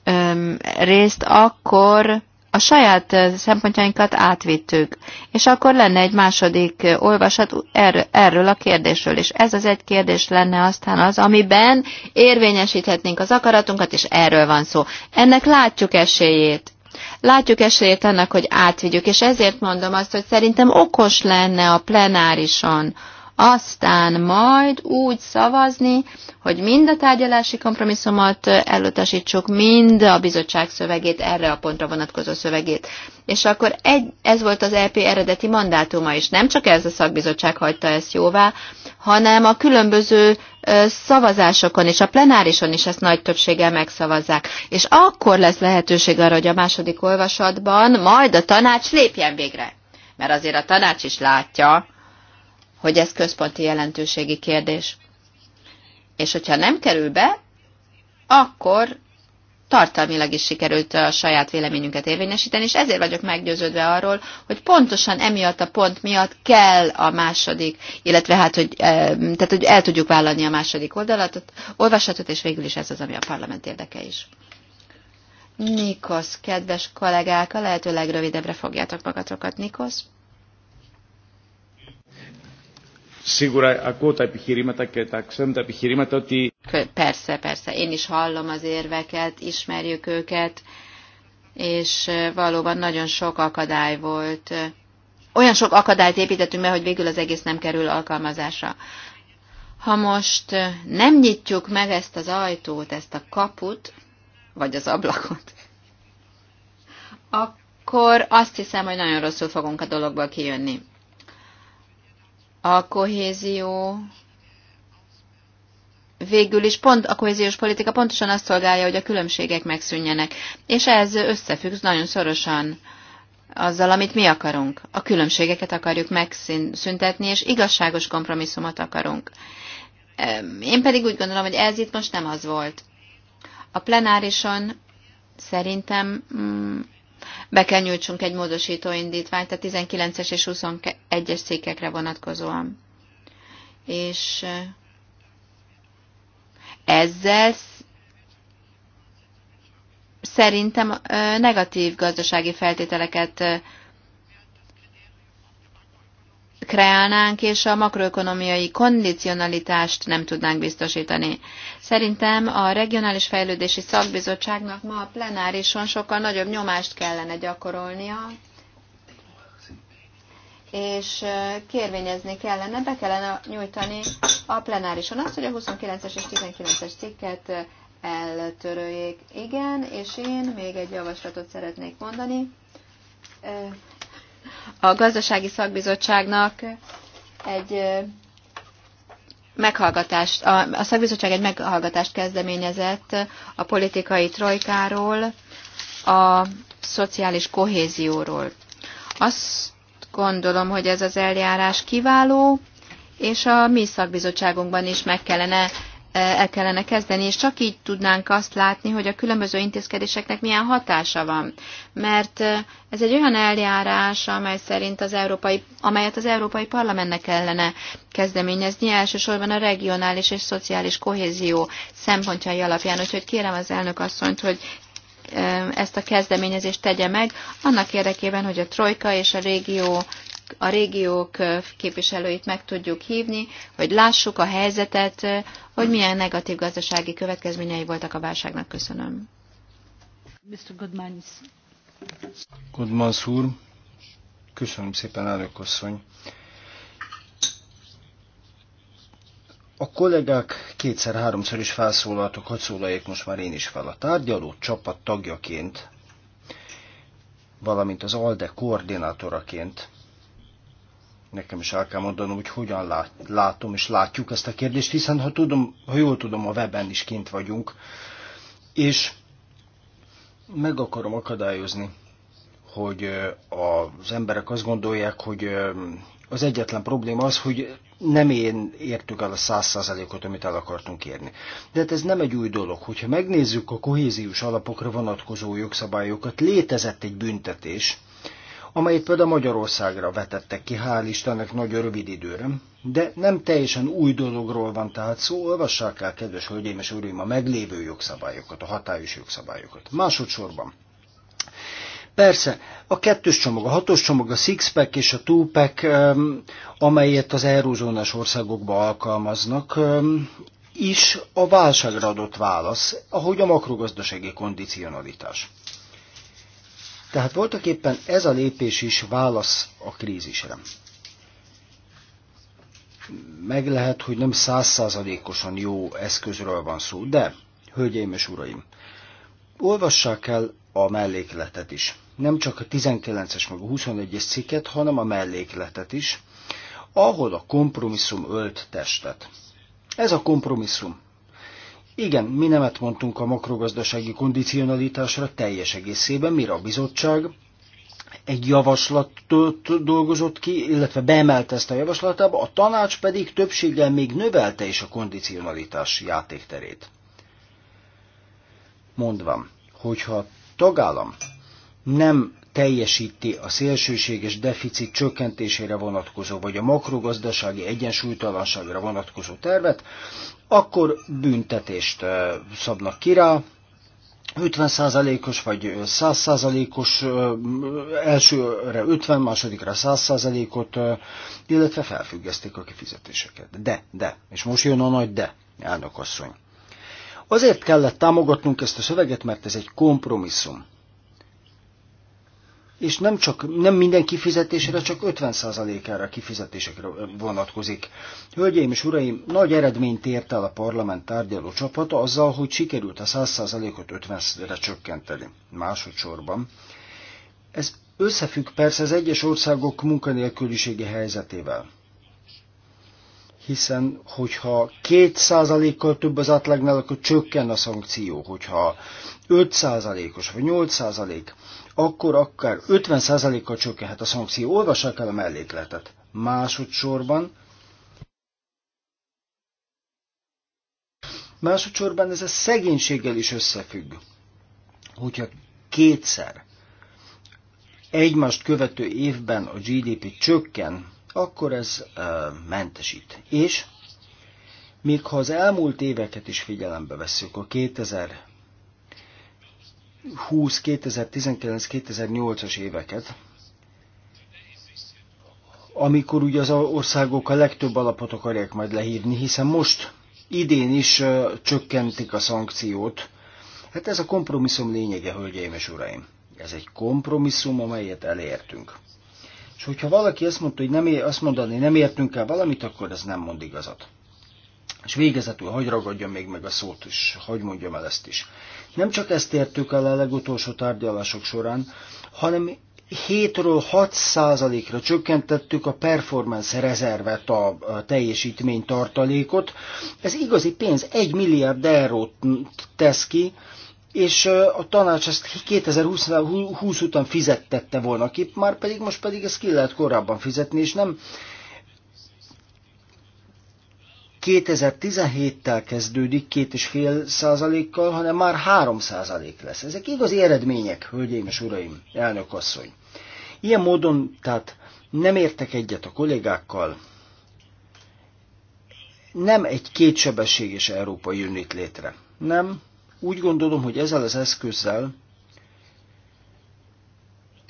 öm, részt, akkor a saját szempontjainkat átvittük, és akkor lenne egy második olvasat er-, erről a kérdésről, és ez az egy kérdés lenne aztán az, amiben érvényesíthetnénk az akaratunkat, és erről van szó. Ennek látjuk esélyét. Látjuk esélyét annak, hogy átvigyük, és ezért mondom azt, hogy szerintem okos lenne a plenárison, aztán majd úgy szavazni, hogy mind a tárgyalási kompromisszumot elutasítsuk, mind a bizottság szövegét, erre a pontra vonatkozó szövegét. És akkor egy, ez volt az EP eredeti mandátuma is. Nem csak ez a szakbizottság hagyta ezt jóvá, hanem a különböző szavazásokon és a plenárison is ezt nagy többséggel megszavazzák. És akkor lesz lehetőség arra, hogy a második olvasatban majd a tanács lépjen végre. Mert azért a tanács is látja, hogy ez központi jelentőségi kérdés. És hogyha nem kerül be, akkor tartalmilag is sikerült a saját véleményünket érvényesíteni, és ezért vagyok meggyőződve arról, hogy pontosan emiatt a pont miatt kell a második, illetve hát, hogy, eh, tehát, hogy el tudjuk vállalni a második oldalatot, olvashatot, és végül is ez az, ami a parlament érdeke is. Nikosz, kedves kollégák, a lehető legrövidebbre fogjátok magatokat, Nikosz. Σίγουρα a kóta επιχειρήματα και τα ξέρουμε ti... Persze, persze. Én is hallom az érveket, ismerjük őket, és valóban nagyon sok akadály volt. Olyan sok akadályt építettünk be, hogy végül az egész nem kerül alkalmazásra. Ha most nem nyitjuk meg ezt az ajtót, ezt a kaput, vagy az ablakot, akkor azt hiszem, hogy nagyon rosszul fogunk a dologból kijönni a kohézió végül is pont a kohéziós politika pontosan azt szolgálja, hogy a különbségek megszűnjenek. És ez összefügg nagyon szorosan azzal, amit mi akarunk. A különbségeket akarjuk megszüntetni, és igazságos kompromisszumot akarunk. Én pedig úgy gondolom, hogy ez itt most nem az volt. A plenárison szerintem mm, be kell nyújtsunk egy módosító indítványt a 19-es és 21-es székekre vonatkozóan. És eh, ezzel szerintem eh, negatív gazdasági feltételeket eh, kreálnánk, és a makroökonomiai kondicionalitást nem tudnánk biztosítani. Szerintem a Regionális Fejlődési Szakbizottságnak ma a plenárison sokkal nagyobb nyomást kellene gyakorolnia, és kérvényezni kellene, be kellene nyújtani a plenárison azt, hogy a 29-es és 19-es cikket eltöröljék. Igen, és én még egy javaslatot szeretnék mondani a gazdasági szakbizottságnak egy meghallgatást, a, a szakbizottság egy meghallgatást kezdeményezett a politikai trojkáról, a szociális kohézióról. Azt gondolom, hogy ez az eljárás kiváló, és a mi szakbizottságunkban is meg kellene el kellene kezdeni, és csak így tudnánk azt látni, hogy a különböző intézkedéseknek milyen hatása van. Mert ez egy olyan eljárás, amely szerint az európai, amelyet az Európai Parlamentnek kellene kezdeményezni, elsősorban a regionális és szociális kohézió szempontjai alapján. Úgyhogy kérem az elnök asszonyt, hogy ezt a kezdeményezést tegye meg, annak érdekében, hogy a Trojka és a régió a régiók képviselőit meg tudjuk hívni, hogy lássuk a helyzetet, hogy milyen negatív gazdasági következményei voltak a válságnak. Köszönöm. Mr. Goodmanis. Goodmans úr, köszönöm szépen, elnök asszony. A kollégák kétszer-háromszor is felszólaltak, hogy szólaljék most már én is fel. A tárgyaló csapat tagjaként, valamint az ALDE koordinátoraként nekem is el kell mondanom, hogy hogyan lát, látom és látjuk ezt a kérdést, hiszen ha, tudom, ha jól tudom, a weben is kint vagyunk, és meg akarom akadályozni, hogy az emberek azt gondolják, hogy az egyetlen probléma az, hogy nem én értük el a száz százalékot, amit el akartunk érni. De hát ez nem egy új dolog. Hogyha megnézzük a kohéziós alapokra vonatkozó jogszabályokat, létezett egy büntetés, amelyet például Magyarországra vetettek ki, hál' Istennek nagyon rövid időre. De nem teljesen új dologról van tehát szó, olvassák el, kedves hölgyeim és uraim, a meglévő jogszabályokat, a hatályos jogszabályokat. Másodszorban. Persze, a kettős csomag, a hatos csomag, a six-pack és a two-pack, amelyet az eurózónás országokba alkalmaznak, is a válságra adott válasz, ahogy a makrogazdasági kondicionalitás. Tehát voltak éppen ez a lépés is válasz a krízisre. Meg lehet, hogy nem százszázalékosan jó eszközről van szó, de, hölgyeim és uraim, olvassák el a mellékletet is. Nem csak a 19-es meg a 21-es cikket, hanem a mellékletet is, ahol a kompromisszum ölt testet. Ez a kompromisszum igen, mi nemet mondtunk a makrogazdasági kondicionalitásra teljes egészében, mire a bizottság egy javaslatot dolgozott ki, illetve beemelte ezt a javaslatába, a tanács pedig többséggel még növelte is a kondicionalitás játékterét. Mondvam, hogyha a tagállam nem teljesíti a szélsőséges deficit csökkentésére vonatkozó, vagy a makrogazdasági egyensúlytalanságra vonatkozó tervet, akkor büntetést szabnak ki rá, 50%-os vagy 100%-os elsőre 50, másodikra 100%-ot, illetve felfüggesztik a kifizetéseket. De, de, és most jön a nagy de, elnök asszony. Azért kellett támogatnunk ezt a szöveget, mert ez egy kompromisszum és nem, csak, nem minden kifizetésre, csak 50%-ára kifizetésekre vonatkozik. Hölgyeim és uraim, nagy eredményt ért el a parlament tárgyaló csapata azzal, hogy sikerült a 100%-ot 50%-re csökkenteni másodszorban. Ez összefügg persze az egyes országok munkanélkülisége helyzetével hiszen hogyha 2%-kal több az átlagnál, akkor csökken a szankció, hogyha 5%-os vagy 8%, akkor akár 50%-kal csökkenhet a szankció. Olvassák el a mellékletet. Másodszorban Másodszorban ez a szegénységgel is összefügg. Hogyha kétszer egymást követő évben a GDP csökken, akkor ez mentesít. És még ha az elmúlt éveket is figyelembe vesszük, a 2000 2019-2008-as éveket, amikor ugye az országok a legtöbb alapot akarják majd lehívni, hiszen most idén is csökkentik a szankciót. Hát ez a kompromisszum lényege, hölgyeim és uraim. Ez egy kompromisszum, amelyet elértünk. És hogyha valaki azt mondta, hogy nem, ér, azt mondani, nem értünk el valamit, akkor ez nem mond igazat. És végezetül hagy ragadjam még meg a szót, és hagy mondjam el ezt is. Nem csak ezt értük el a legutolsó tárgyalások során, hanem 7-ről 6 ra csökkentettük a performance rezervet, a teljesítmény tartalékot. Ez igazi pénz, 1 milliárd eurót tesz ki, és a tanács ezt 2020 után fizettette volna ki, már pedig most pedig ezt ki lehet korábban fizetni, és nem 2017-tel kezdődik 2,5 százalékkal, hanem már 3 százalék lesz. Ezek igazi eredmények, hölgyeim és uraim, elnök asszony. Ilyen módon, tehát nem értek egyet a kollégákkal, nem egy kétsebességes Európai Unit létre. Nem, úgy gondolom, hogy ezzel az eszközzel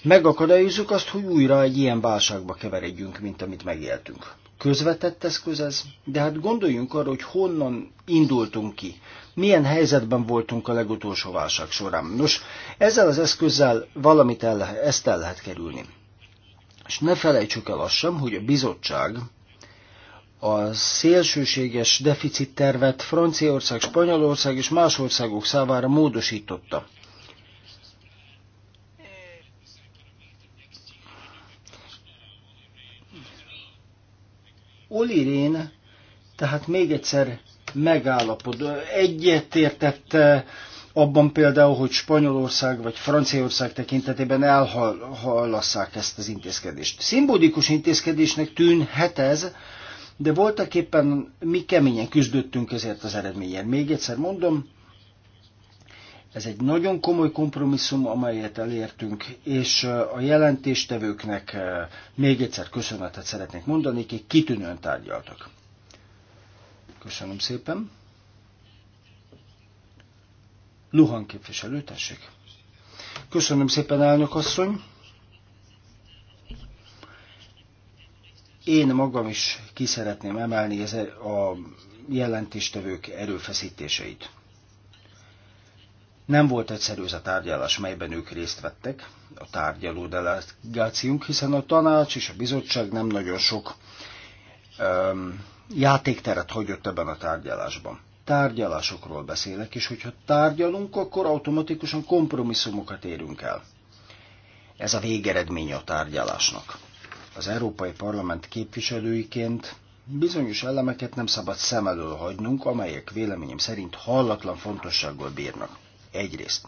megakadályozzuk azt, hogy újra egy ilyen válságba keveredjünk, mint amit megéltünk. Közvetett eszköz ez, de hát gondoljunk arra, hogy honnan indultunk ki, milyen helyzetben voltunk a legutolsó válság során. Nos, ezzel az eszközzel valamit el, ezt el lehet kerülni. És ne felejtsük el azt sem, hogy a bizottság a szélsőséges deficittervet Franciaország, Spanyolország és más országok számára módosította. Olirén tehát még egyszer megállapod, egyetértett eh, abban például, hogy Spanyolország vagy Franciaország tekintetében elhallasszák ezt az intézkedést. Szimbolikus intézkedésnek tűnhet ez, de voltak éppen mi keményen küzdöttünk ezért az eredményen. Még egyszer mondom, ez egy nagyon komoly kompromisszum, amelyet elértünk, és a jelentéstevőknek még egyszer köszönetet szeretnék mondani, akik kitűnően tárgyaltak. Köszönöm szépen. Luhan képviselő, tessék. Köszönöm szépen, elnök asszony. Én magam is ki szeretném emelni a jelentéstevők erőfeszítéseit. Nem volt egyszerű ez a tárgyalás, melyben ők részt vettek, a tárgyaló delegációnk, hiszen a tanács és a bizottság nem nagyon sok öm, játékteret hagyott ebben a tárgyalásban. Tárgyalásokról beszélek, és hogyha tárgyalunk, akkor automatikusan kompromisszumokat érünk el. Ez a végeredménye a tárgyalásnak. Az Európai Parlament képviselőiként bizonyos elemeket nem szabad szem elől hagynunk, amelyek véleményem szerint hallatlan fontossággal bírnak. Egyrészt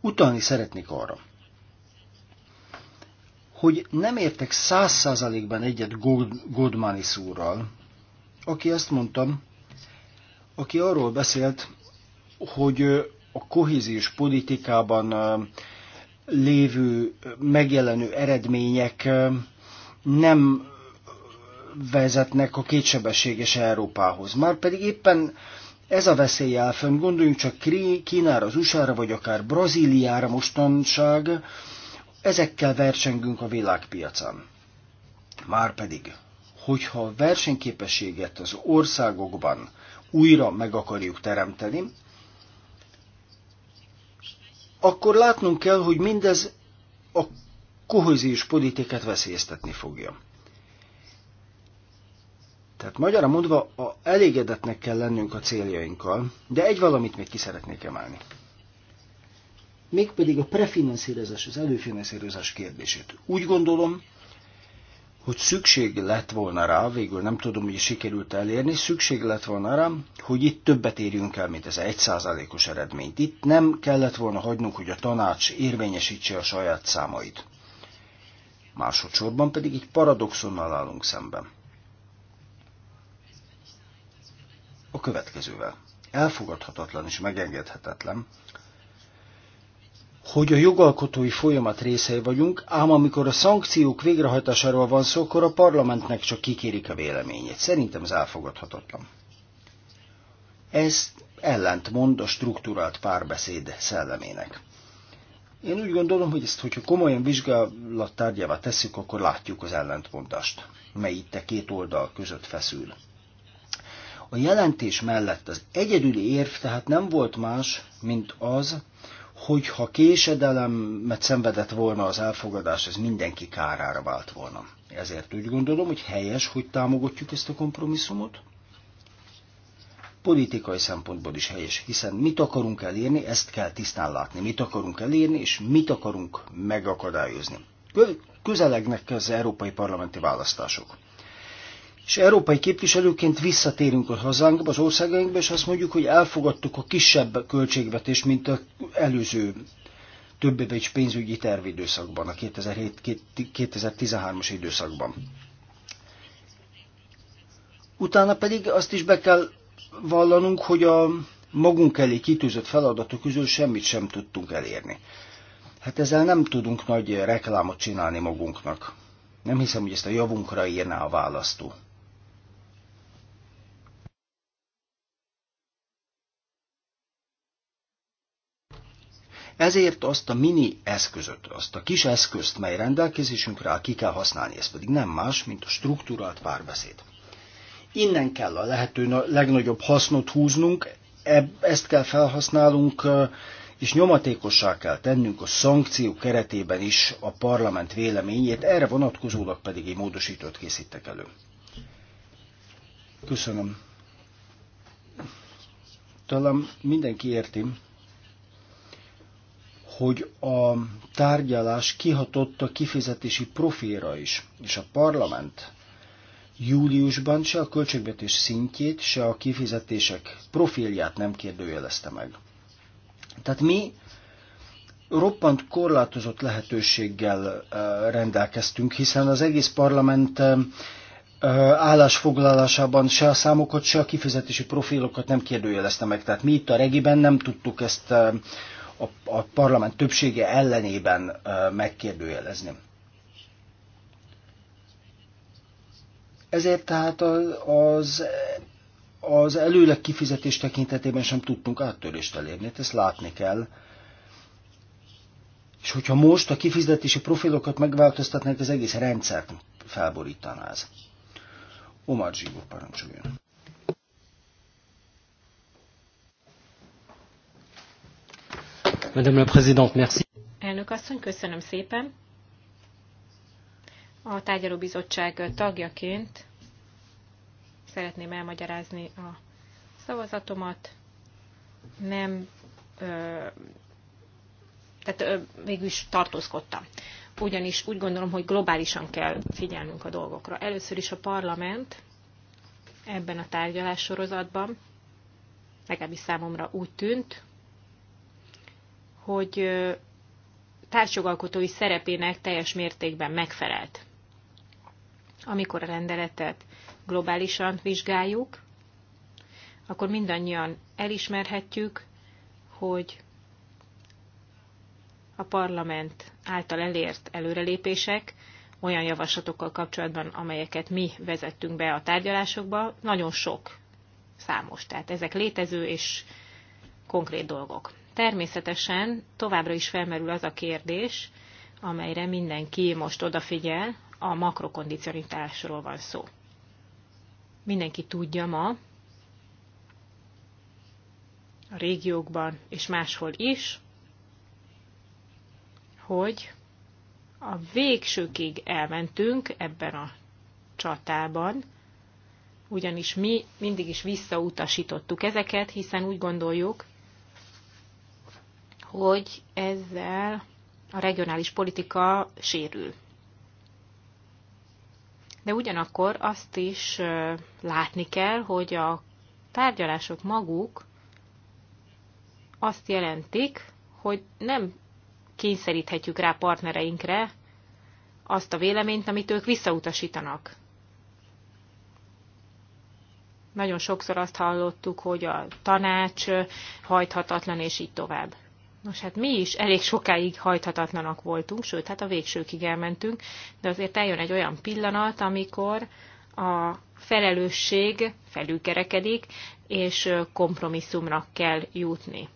utalni szeretnék arra, hogy nem értek száz százalékban egyet God, Godmanis aki azt mondtam, aki arról beszélt, hogy a kohéziós politikában lévő, megjelenő eredmények nem vezetnek a kétsebességes Európához. Már pedig éppen ez a veszély áll fönn, gondoljunk csak Kínára, az USA-ra, vagy akár Brazíliára mostanság, ezekkel versengünk a világpiacon. Márpedig, hogyha a versenyképességet az országokban újra meg akarjuk teremteni, akkor látnunk kell, hogy mindez a kohéziós politikát veszélyeztetni fogja. Tehát magyarra mondva, a elégedetnek kell lennünk a céljainkkal, de egy valamit még ki szeretnék emelni. Mégpedig a prefinanszírozás, az előfinanszírozás kérdését. Úgy gondolom, hogy szükség lett volna rá, végül nem tudom, hogy sikerült elérni, szükség lett volna rá, hogy itt többet érjünk el, mint ez egy százalékos eredményt. Itt nem kellett volna hagynunk, hogy a tanács érvényesítse a saját számait. Másodszorban pedig egy paradoxonnal állunk szemben. a következővel. Elfogadhatatlan és megengedhetetlen, hogy a jogalkotói folyamat részei vagyunk, ám amikor a szankciók végrehajtásáról van szó, akkor a parlamentnek csak kikérik a véleményét. Szerintem ez elfogadhatatlan. Ez ellentmond a struktúrált párbeszéd szellemének. Én úgy gondolom, hogy ezt, hogyha komolyan vizsgálattárgyává tesszük, akkor látjuk az ellentmondást, mely itt a két oldal között feszül. A jelentés mellett az egyedüli érv tehát nem volt más, mint az, hogy ha késedelemet szenvedett volna az elfogadás, ez mindenki kárára vált volna. Ezért úgy gondolom, hogy helyes, hogy támogatjuk ezt a kompromisszumot. Politikai szempontból is helyes, hiszen mit akarunk elérni, ezt kell tisztán látni. Mit akarunk elérni, és mit akarunk megakadályozni. Közelegnek az európai parlamenti választások és európai képviselőként visszatérünk a hazánkba, az országainkba, és azt mondjuk, hogy elfogadtuk a kisebb költségvetést, mint az előző több is pénzügyi tervidőszakban, a 2007-2013-as időszakban. Utána pedig azt is be kell vallanunk, hogy a magunk elé kitűzött feladatok közül semmit sem tudtunk elérni. Hát ezzel nem tudunk nagy reklámot csinálni magunknak. Nem hiszem, hogy ezt a javunkra írná a választó. Ezért azt a mini eszközöt, azt a kis eszközt, mely rendelkezésünkre áll, ki kell használni. Ez pedig nem más, mint a struktúrált párbeszéd. Innen kell a lehető legnagyobb hasznot húznunk, ezt kell felhasználnunk, és nyomatékossá kell tennünk a szankció keretében is a parlament véleményét, erre vonatkozólag pedig egy módosítót készítek elő. Köszönöm. Talán mindenki érti, hogy a tárgyalás kihatott a kifizetési profilra is, és a parlament júliusban se a költségvetés szintjét, se a kifizetések profilját nem kérdőjelezte meg. Tehát mi roppant korlátozott lehetőséggel rendelkeztünk, hiszen az egész parlament állásfoglalásában se a számokat, se a kifizetési profilokat nem kérdőjelezte meg. Tehát mi itt a regiben nem tudtuk ezt a, a parlament többsége ellenében megkérdőjelezni. Ezért tehát az, az előleg kifizetés tekintetében sem tudtunk áttörést elérni, hát ezt látni kell. És hogyha most a kifizetési profilokat megváltoztatnánk, az egész rendszert felborítaná ez. Omar Zsigó parancsoljon. Madame la Présidente, merci. Elnök asszony, köszönöm szépen. A tárgyalóbizottság tagjaként szeretném elmagyarázni a szavazatomat. Nem, ö, tehát ö, végül is tartózkodtam. Ugyanis úgy gondolom, hogy globálisan kell figyelnünk a dolgokra. Először is a parlament ebben a tárgyalássorozatban, legalábbis számomra úgy tűnt, hogy társjogalkotói szerepének teljes mértékben megfelelt. Amikor a rendeletet globálisan vizsgáljuk, akkor mindannyian elismerhetjük, hogy a parlament által elért előrelépések olyan javaslatokkal kapcsolatban, amelyeket mi vezettünk be a tárgyalásokba, nagyon sok számos. Tehát ezek létező és konkrét dolgok. Természetesen továbbra is felmerül az a kérdés, amelyre mindenki most odafigyel, a makrokondicionitásról van szó. Mindenki tudja ma, a régiókban és máshol is, hogy a végsőkig elmentünk ebben a csatában, ugyanis mi mindig is visszautasítottuk ezeket, hiszen úgy gondoljuk, hogy ezzel a regionális politika sérül. De ugyanakkor azt is látni kell, hogy a tárgyalások maguk azt jelentik, hogy nem kényszeríthetjük rá partnereinkre azt a véleményt, amit ők visszautasítanak. Nagyon sokszor azt hallottuk, hogy a tanács hajthatatlan, és így tovább. Nos, hát mi is elég sokáig hajthatatlanak voltunk, sőt, hát a végsőkig elmentünk, de azért eljön egy olyan pillanat, amikor a felelősség felülkerekedik, és kompromisszumra kell jutni.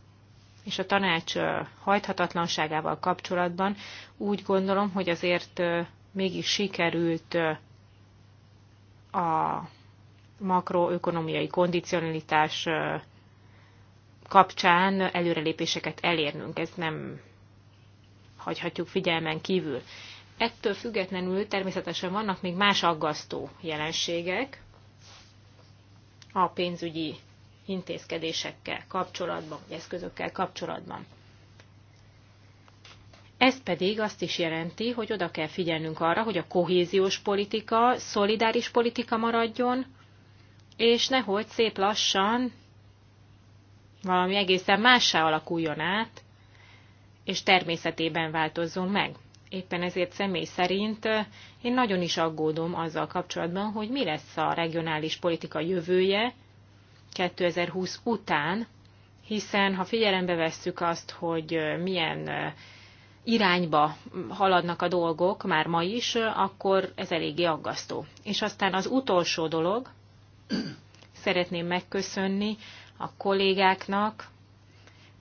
És a tanács hajthatatlanságával kapcsolatban úgy gondolom, hogy azért mégis sikerült a makroökonomiai kondicionalitás kapcsán előrelépéseket elérnünk. Ez nem hagyhatjuk figyelmen kívül. Ettől függetlenül természetesen vannak még más aggasztó jelenségek a pénzügyi intézkedésekkel kapcsolatban, vagy eszközökkel kapcsolatban. Ez pedig azt is jelenti, hogy oda kell figyelnünk arra, hogy a kohéziós politika, szolidáris politika maradjon, és nehogy szép lassan valami egészen mássá alakuljon át, és természetében változzon meg. Éppen ezért személy szerint én nagyon is aggódom azzal kapcsolatban, hogy mi lesz a regionális politika jövője 2020 után, hiszen ha figyelembe vesszük azt, hogy milyen irányba haladnak a dolgok már ma is, akkor ez eléggé aggasztó. És aztán az utolsó dolog, [CLEARS THROAT] szeretném megköszönni a kollégáknak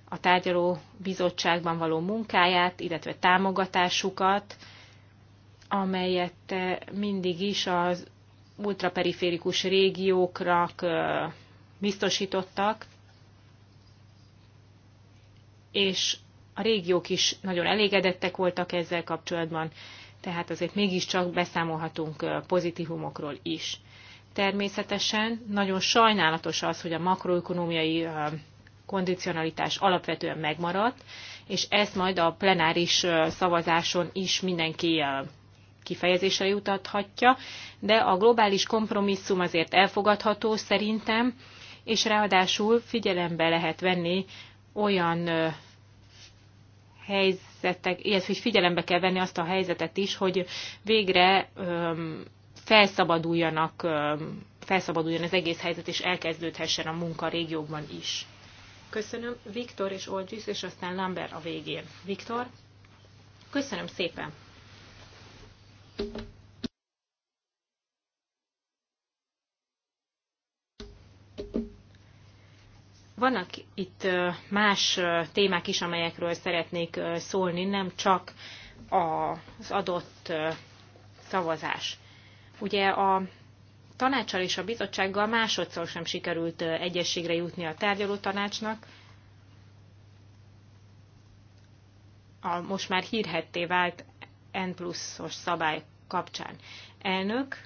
a tárgyaló bizottságban való munkáját, illetve támogatásukat, amelyet eh, mindig is az ultraperiférikus régiókra eh, biztosítottak, és a régiók is nagyon elégedettek voltak ezzel kapcsolatban, tehát azért mégiscsak beszámolhatunk eh, pozitívumokról is természetesen. Nagyon sajnálatos az, hogy a makroökonomiai kondicionalitás alapvetően megmaradt, és ezt majd a plenáris szavazáson is mindenki kifejezésre jutathatja, de a globális kompromisszum azért elfogadható szerintem, és ráadásul figyelembe lehet venni olyan helyzetek, illetve figyelembe kell venni azt a helyzetet is, hogy végre öm, felszabaduljanak, felszabaduljon az egész helyzet, és elkezdődhessen a munka régiókban is. Köszönöm Viktor és Olgyis, és aztán Lambert a végén. Viktor, köszönöm szépen! Vannak itt más témák is, amelyekről szeretnék szólni, nem csak az adott szavazás. Ugye a tanácsal és a bizottsággal másodszor sem sikerült egyességre jutni a tárgyaló tanácsnak. A most már hírhetté vált N pluszos szabály kapcsán. Elnök,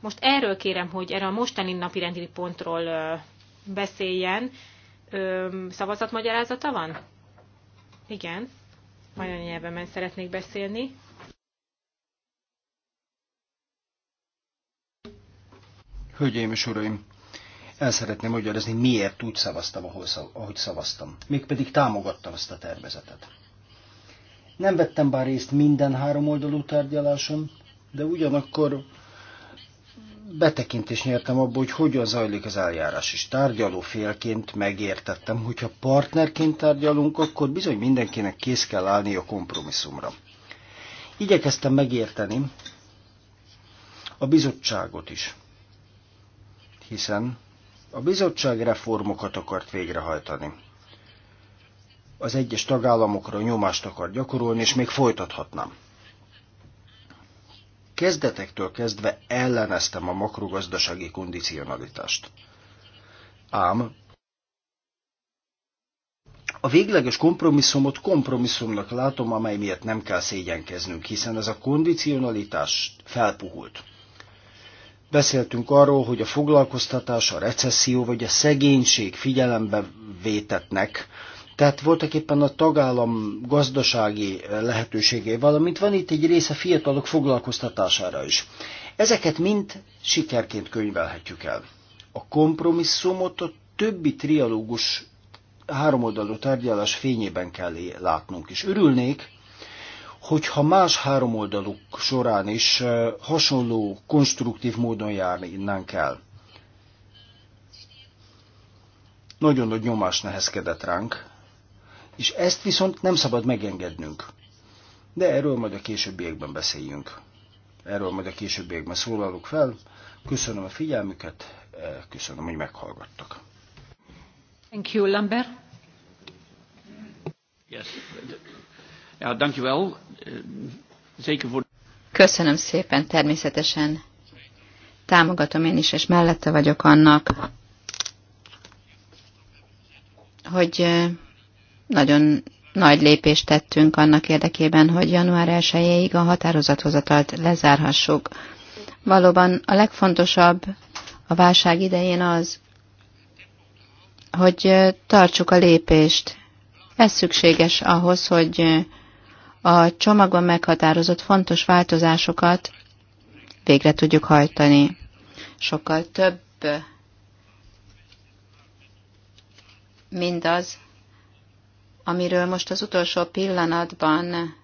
most erről kérem, hogy erre a mostani napirendi pontról beszéljen. Szavazatmagyarázata van? Igen. Anyanyelvemen szeretnék beszélni. Hölgyeim és uraim, el szeretném magyarázni, miért úgy szavaztam, ahogy szavaztam. Mégpedig támogattam ezt a tervezetet. Nem vettem bár részt minden három oldalú tárgyaláson, de ugyanakkor betekintést nyertem abba, hogy hogyan zajlik az eljárás, és tárgyaló félként megértettem, hogyha partnerként tárgyalunk, akkor bizony mindenkinek kész kell állni a kompromisszumra. Igyekeztem megérteni a bizottságot is, hiszen a bizottság reformokat akart végrehajtani. Az egyes tagállamokra nyomást akar gyakorolni, és még folytathatnám. Kezdetektől kezdve elleneztem a makrogazdasági kondicionalitást. Ám a végleges kompromisszumot kompromisszumnak látom, amely miatt nem kell szégyenkeznünk, hiszen ez a kondicionalitás felpuhult. Beszéltünk arról, hogy a foglalkoztatás, a recesszió vagy a szegénység figyelembe vétetnek. Tehát voltak éppen a tagállam gazdasági lehetőségei, valamint van itt egy része fiatalok foglalkoztatására is. Ezeket mind sikerként könyvelhetjük el. A kompromisszumot a többi trialógus háromoldalú tárgyalás fényében kell látnunk, és örülnék, hogyha más három oldaluk során is hasonló konstruktív módon járni innen kell, Nagyon nagy nyomás nehezkedett ránk, és ezt viszont nem szabad megengednünk. De erről majd a későbbiekben beszéljünk. Erről majd a későbbiekben szólalok fel. Köszönöm a figyelmüket, köszönöm, hogy meghallgattak. Thank you, Lambert. Yes. Ja, dankjewel. Eh, zeker voor... Köszönöm szépen, természetesen támogatom én is, és mellette vagyok annak, hogy eh, nagyon nagy lépést tettünk annak érdekében, hogy január 1-ig a határozathozatalt lezárhassuk. Valóban a legfontosabb a válság idején az, hogy eh, tartsuk a lépést. Ez szükséges ahhoz, hogy a csomagban meghatározott fontos változásokat végre tudjuk hajtani. Sokkal több mindaz, amiről most az utolsó pillanatban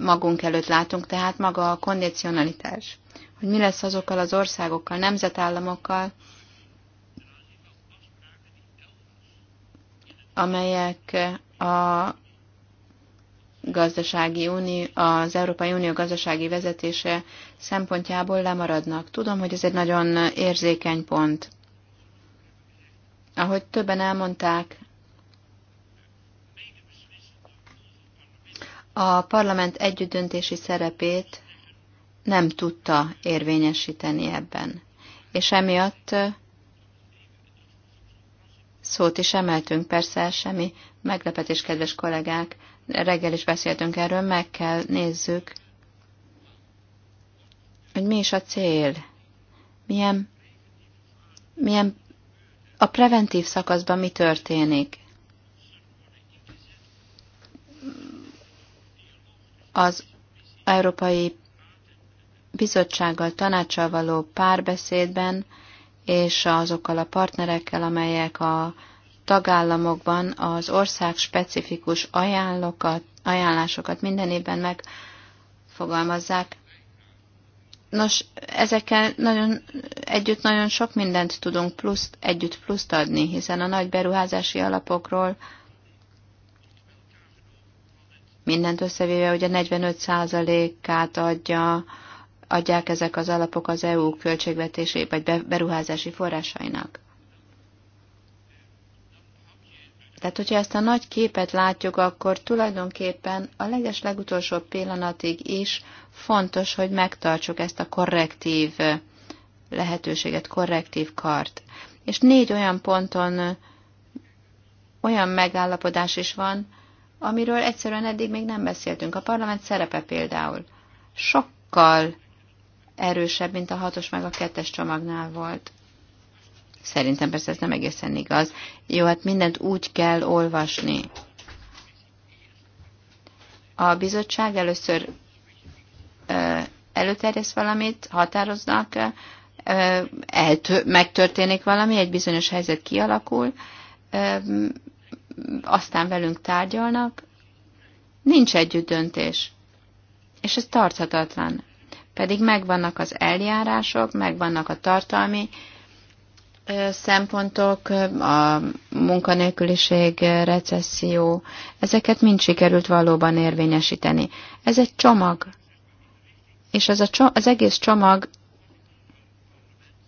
magunk előtt látunk, tehát maga a kondicionalitás. Hogy mi lesz azokkal az országokkal, nemzetállamokkal, amelyek a gazdasági unió, az Európai Unió gazdasági vezetése szempontjából lemaradnak. Tudom, hogy ez egy nagyon érzékeny pont. Ahogy többen elmondták, a parlament együttdöntési szerepét nem tudta érvényesíteni ebben. És emiatt szót is emeltünk, persze semmi meglepetés, kedves kollégák, reggel is beszéltünk erről, meg kell nézzük, hogy mi is a cél, milyen, milyen a preventív szakaszban mi történik. Az Európai Bizottsággal, tanácsal való párbeszédben és azokkal a partnerekkel, amelyek a tagállamokban az ország specifikus ajánlokat, ajánlásokat minden évben megfogalmazzák. Nos, ezekkel nagyon, együtt nagyon sok mindent tudunk plusz, együtt pluszt adni, hiszen a nagy beruházási alapokról mindent összevéve a 45%-át adja, adják ezek az alapok az EU költségvetési vagy beruházási forrásainak. Tehát, hogyha ezt a nagy képet látjuk, akkor tulajdonképpen a leges legutolsó pillanatig is fontos, hogy megtartsuk ezt a korrektív lehetőséget, korrektív kart. És négy olyan ponton olyan megállapodás is van, amiről egyszerűen eddig még nem beszéltünk. A parlament szerepe például sokkal erősebb, mint a hatos meg a kettes csomagnál volt. Szerintem persze ez nem egészen igaz. Jó, hát mindent úgy kell olvasni. A bizottság először előterjeszt valamit, határoznak, megtörténik valami, egy bizonyos helyzet kialakul, aztán velünk tárgyalnak, nincs együtt döntés. És ez tarthatatlan. Pedig megvannak az eljárások, megvannak a tartalmi szempontok, a munkanélküliség, recesszió, ezeket mind sikerült valóban érvényesíteni. Ez egy csomag, és ez a csomag, az egész csomag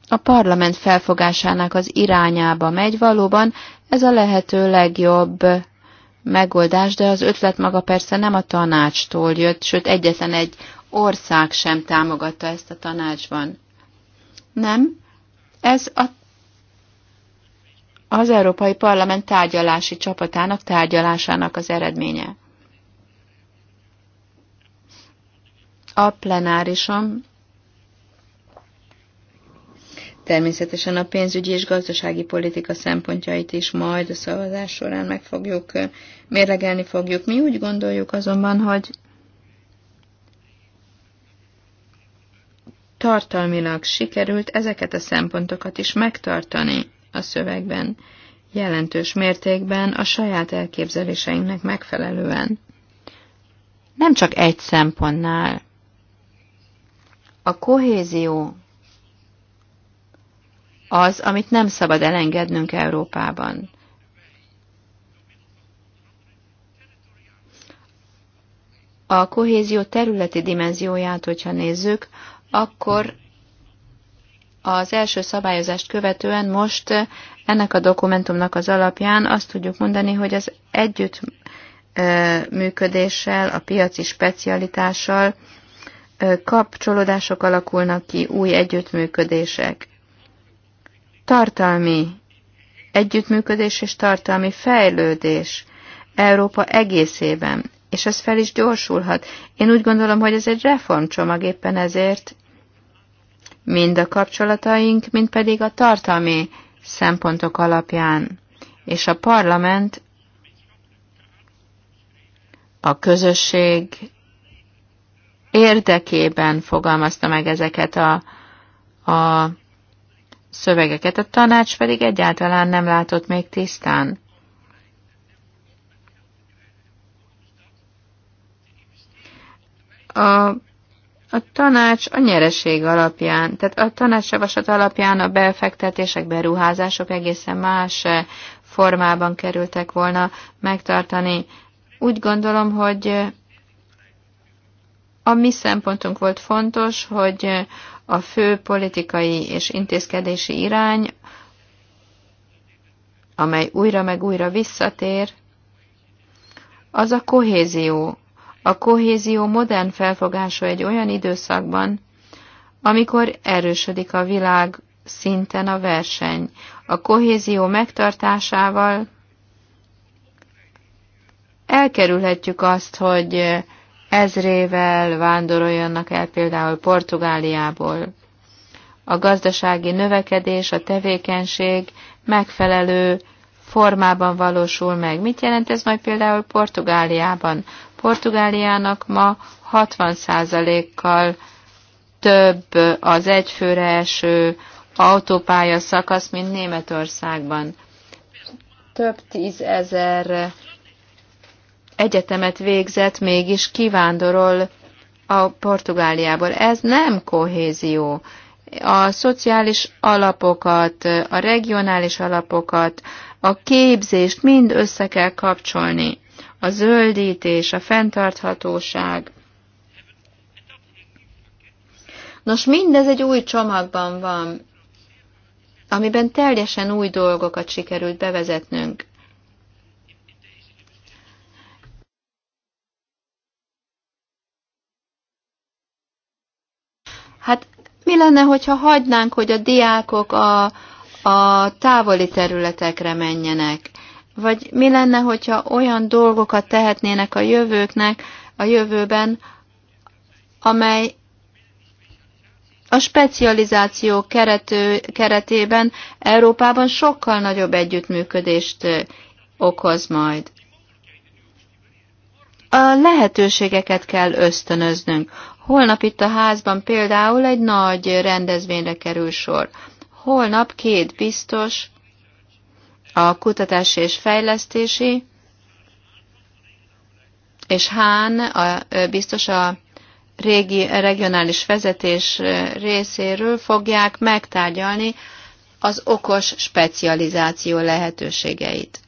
a parlament felfogásának az irányába megy valóban, ez a lehető legjobb megoldás, de az ötlet maga persze nem a tanácstól jött, sőt egyetlen egy ország sem támogatta ezt a tanácsban. Nem, ez a az Európai Parlament tárgyalási csapatának tárgyalásának az eredménye. A plenárisom természetesen a pénzügyi és gazdasági politika szempontjait is majd a szavazás során meg fogjuk, mérlegelni fogjuk. Mi úgy gondoljuk azonban, hogy tartalmilag sikerült ezeket a szempontokat is megtartani a szövegben, jelentős mértékben a saját elképzeléseinknek megfelelően. Nem csak egy szempontnál. A kohézió az, amit nem szabad elengednünk Európában. A kohézió területi dimenzióját, hogyha nézzük, akkor az első szabályozást követően most ennek a dokumentumnak az alapján azt tudjuk mondani, hogy az együtt működéssel, a piaci specialitással kapcsolódások alakulnak ki, új együttműködések. Tartalmi együttműködés és tartalmi fejlődés Európa egészében, és ez fel is gyorsulhat. Én úgy gondolom, hogy ez egy reformcsomag éppen ezért, mind a kapcsolataink, mind pedig a tartalmi szempontok alapján. És a parlament a közösség érdekében fogalmazta meg ezeket a, a szövegeket, a tanács pedig egyáltalán nem látott még tisztán. A a tanács a nyereség alapján, tehát a tanácsjavaslat alapján a befektetések, beruházások egészen más formában kerültek volna megtartani. Úgy gondolom, hogy a mi szempontunk volt fontos, hogy a fő politikai és intézkedési irány, amely újra meg újra visszatér, az a kohézió, a kohézió modern felfogása egy olyan időszakban, amikor erősödik a világ szinten a verseny. A kohézió megtartásával elkerülhetjük azt, hogy ezrével vándoroljanak el például Portugáliából. A gazdasági növekedés, a tevékenység megfelelő formában valósul meg. Mit jelent ez majd például Portugáliában? Portugáliának ma 60%-kal több az egyfőre eső autópálya szakasz, mint Németországban. Több tízezer egyetemet végzett, mégis kivándorol a Portugáliából. Ez nem kohézió. A szociális alapokat, a regionális alapokat, a képzést mind össze kell kapcsolni a zöldítés, a fenntarthatóság. Nos, mindez egy új csomagban van, amiben teljesen új dolgokat sikerült bevezetnünk. Hát mi lenne, hogyha hagynánk, hogy a diákok a, a távoli területekre menjenek? Vagy mi lenne, hogyha olyan dolgokat tehetnének a jövőknek a jövőben, amely a specializáció kerető, keretében Európában sokkal nagyobb együttműködést okoz majd. A lehetőségeket kell ösztönöznünk. Holnap itt a házban például egy nagy rendezvényre kerül sor. Holnap két biztos a kutatási és fejlesztési, és Hán a, biztos a régi regionális vezetés részéről fogják megtárgyalni az okos specializáció lehetőségeit.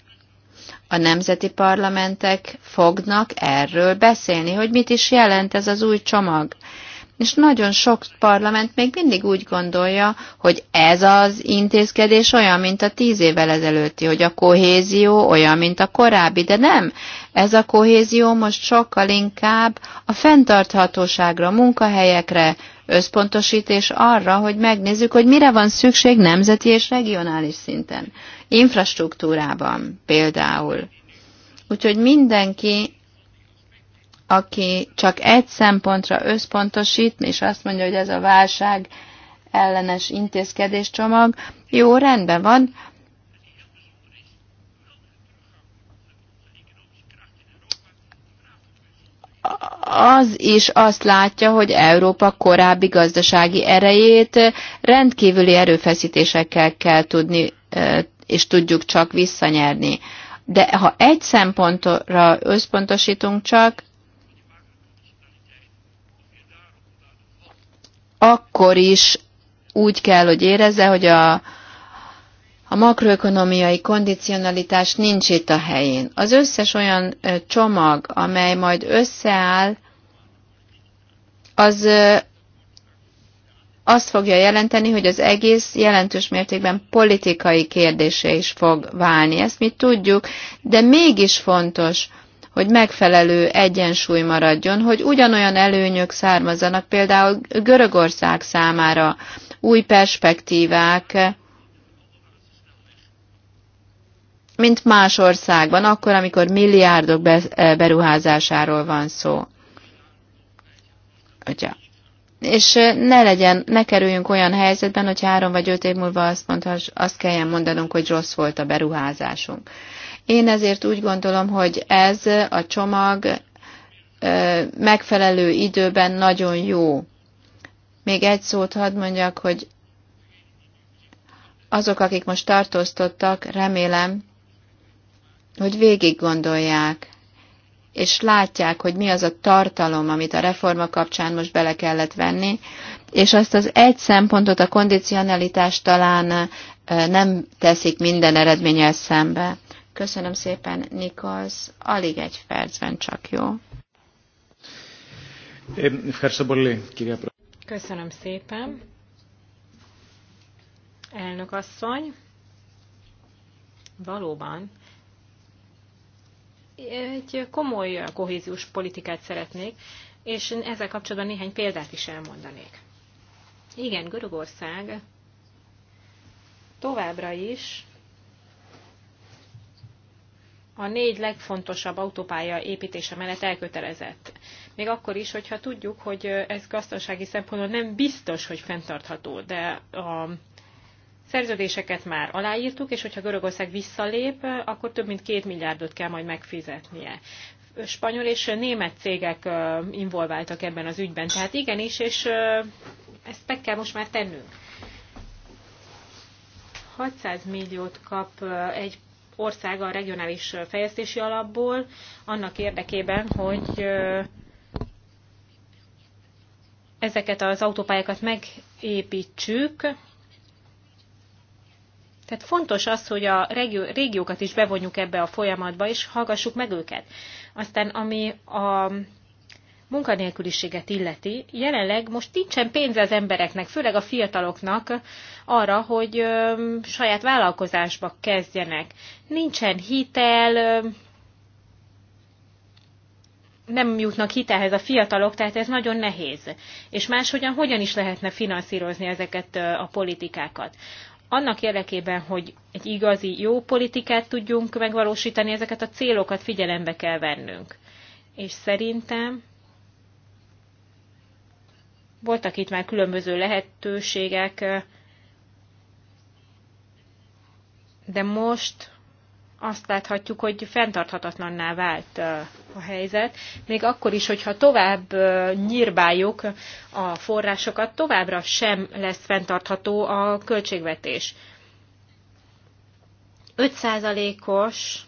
A nemzeti parlamentek fognak erről beszélni, hogy mit is jelent ez az új csomag és nagyon sok parlament még mindig úgy gondolja, hogy ez az intézkedés olyan, mint a tíz évvel ezelőtti, hogy a kohézió olyan, mint a korábbi, de nem. Ez a kohézió most sokkal inkább a fenntarthatóságra, munkahelyekre, összpontosítés arra, hogy megnézzük, hogy mire van szükség nemzeti és regionális szinten. Infrastruktúrában például. Úgyhogy mindenki aki csak egy szempontra összpontosít, és azt mondja, hogy ez a válság ellenes intézkedéscsomag, jó, rendben van, az is azt látja, hogy Európa korábbi gazdasági erejét rendkívüli erőfeszítésekkel kell tudni, és tudjuk csak visszanyerni. De ha egy szempontra összpontosítunk csak, akkor is úgy kell, hogy érezze, hogy a, a makroökonomiai kondicionalitás nincs itt a helyén. Az összes olyan csomag, amely majd összeáll, az azt fogja jelenteni, hogy az egész jelentős mértékben politikai kérdése is fog válni. Ezt mi tudjuk, de mégis fontos, hogy megfelelő egyensúly maradjon, hogy ugyanolyan előnyök származzanak például Görögország számára, új perspektívák, mint más országban, akkor, amikor milliárdok eh, beruházásáról van szó. Ugye? És eh, ne legyen, ne kerüljünk olyan helyzetben, hogy három vagy öt év múlva azt, mondhass, azt kelljen mondanunk, hogy rossz volt a beruházásunk. Én ezért úgy gondolom, hogy ez a csomag megfelelő időben nagyon jó. Még egy szót hadd mondjak, hogy azok, akik most tartóztottak, remélem, hogy végig gondolják, és látják, hogy mi az a tartalom, amit a reforma kapcsán most bele kellett venni, és azt az egy szempontot, a kondicionalitást talán nem teszik minden eredménnyel szembe. Köszönöm szépen, Nikolsz. Alig egy percben csak jó. Köszönöm szépen. Elnök asszony, valóban egy komoly kohéziós politikát szeretnék, és ezzel kapcsolatban néhány példát is elmondanék. Igen, Görögország továbbra is a négy legfontosabb autópálya építése mellett elkötelezett. Még akkor is, hogyha tudjuk, hogy ez gazdasági szempontból nem biztos, hogy fenntartható, de a szerződéseket már aláírtuk, és hogyha Görögország visszalép, akkor több mint két milliárdot kell majd megfizetnie. Spanyol és német cégek involváltak ebben az ügyben, tehát igenis, és ezt meg kell most már tennünk. 600 milliót kap egy országa a regionális fejlesztési alapból, annak érdekében, hogy ezeket az autópályákat megépítsük. Tehát fontos az, hogy a regió, régiókat is bevonjuk ebbe a folyamatba, és hallgassuk meg őket. Aztán ami a munkanélküliséget illeti, jelenleg most nincsen pénz az embereknek, főleg a fiataloknak arra, hogy saját vállalkozásba kezdjenek. Nincsen hitel, nem jutnak hitelhez a fiatalok, tehát ez nagyon nehéz. És máshogyan hogyan is lehetne finanszírozni ezeket a politikákat? Annak érdekében, hogy egy igazi jó politikát tudjunk megvalósítani, ezeket a célokat figyelembe kell vennünk. És szerintem voltak itt már különböző lehetőségek, de most azt láthatjuk, hogy fenntarthatatlanná vált a helyzet, még akkor is, hogyha tovább nyírbáljuk a forrásokat, továbbra sem lesz fenntartható a költségvetés. 5%-os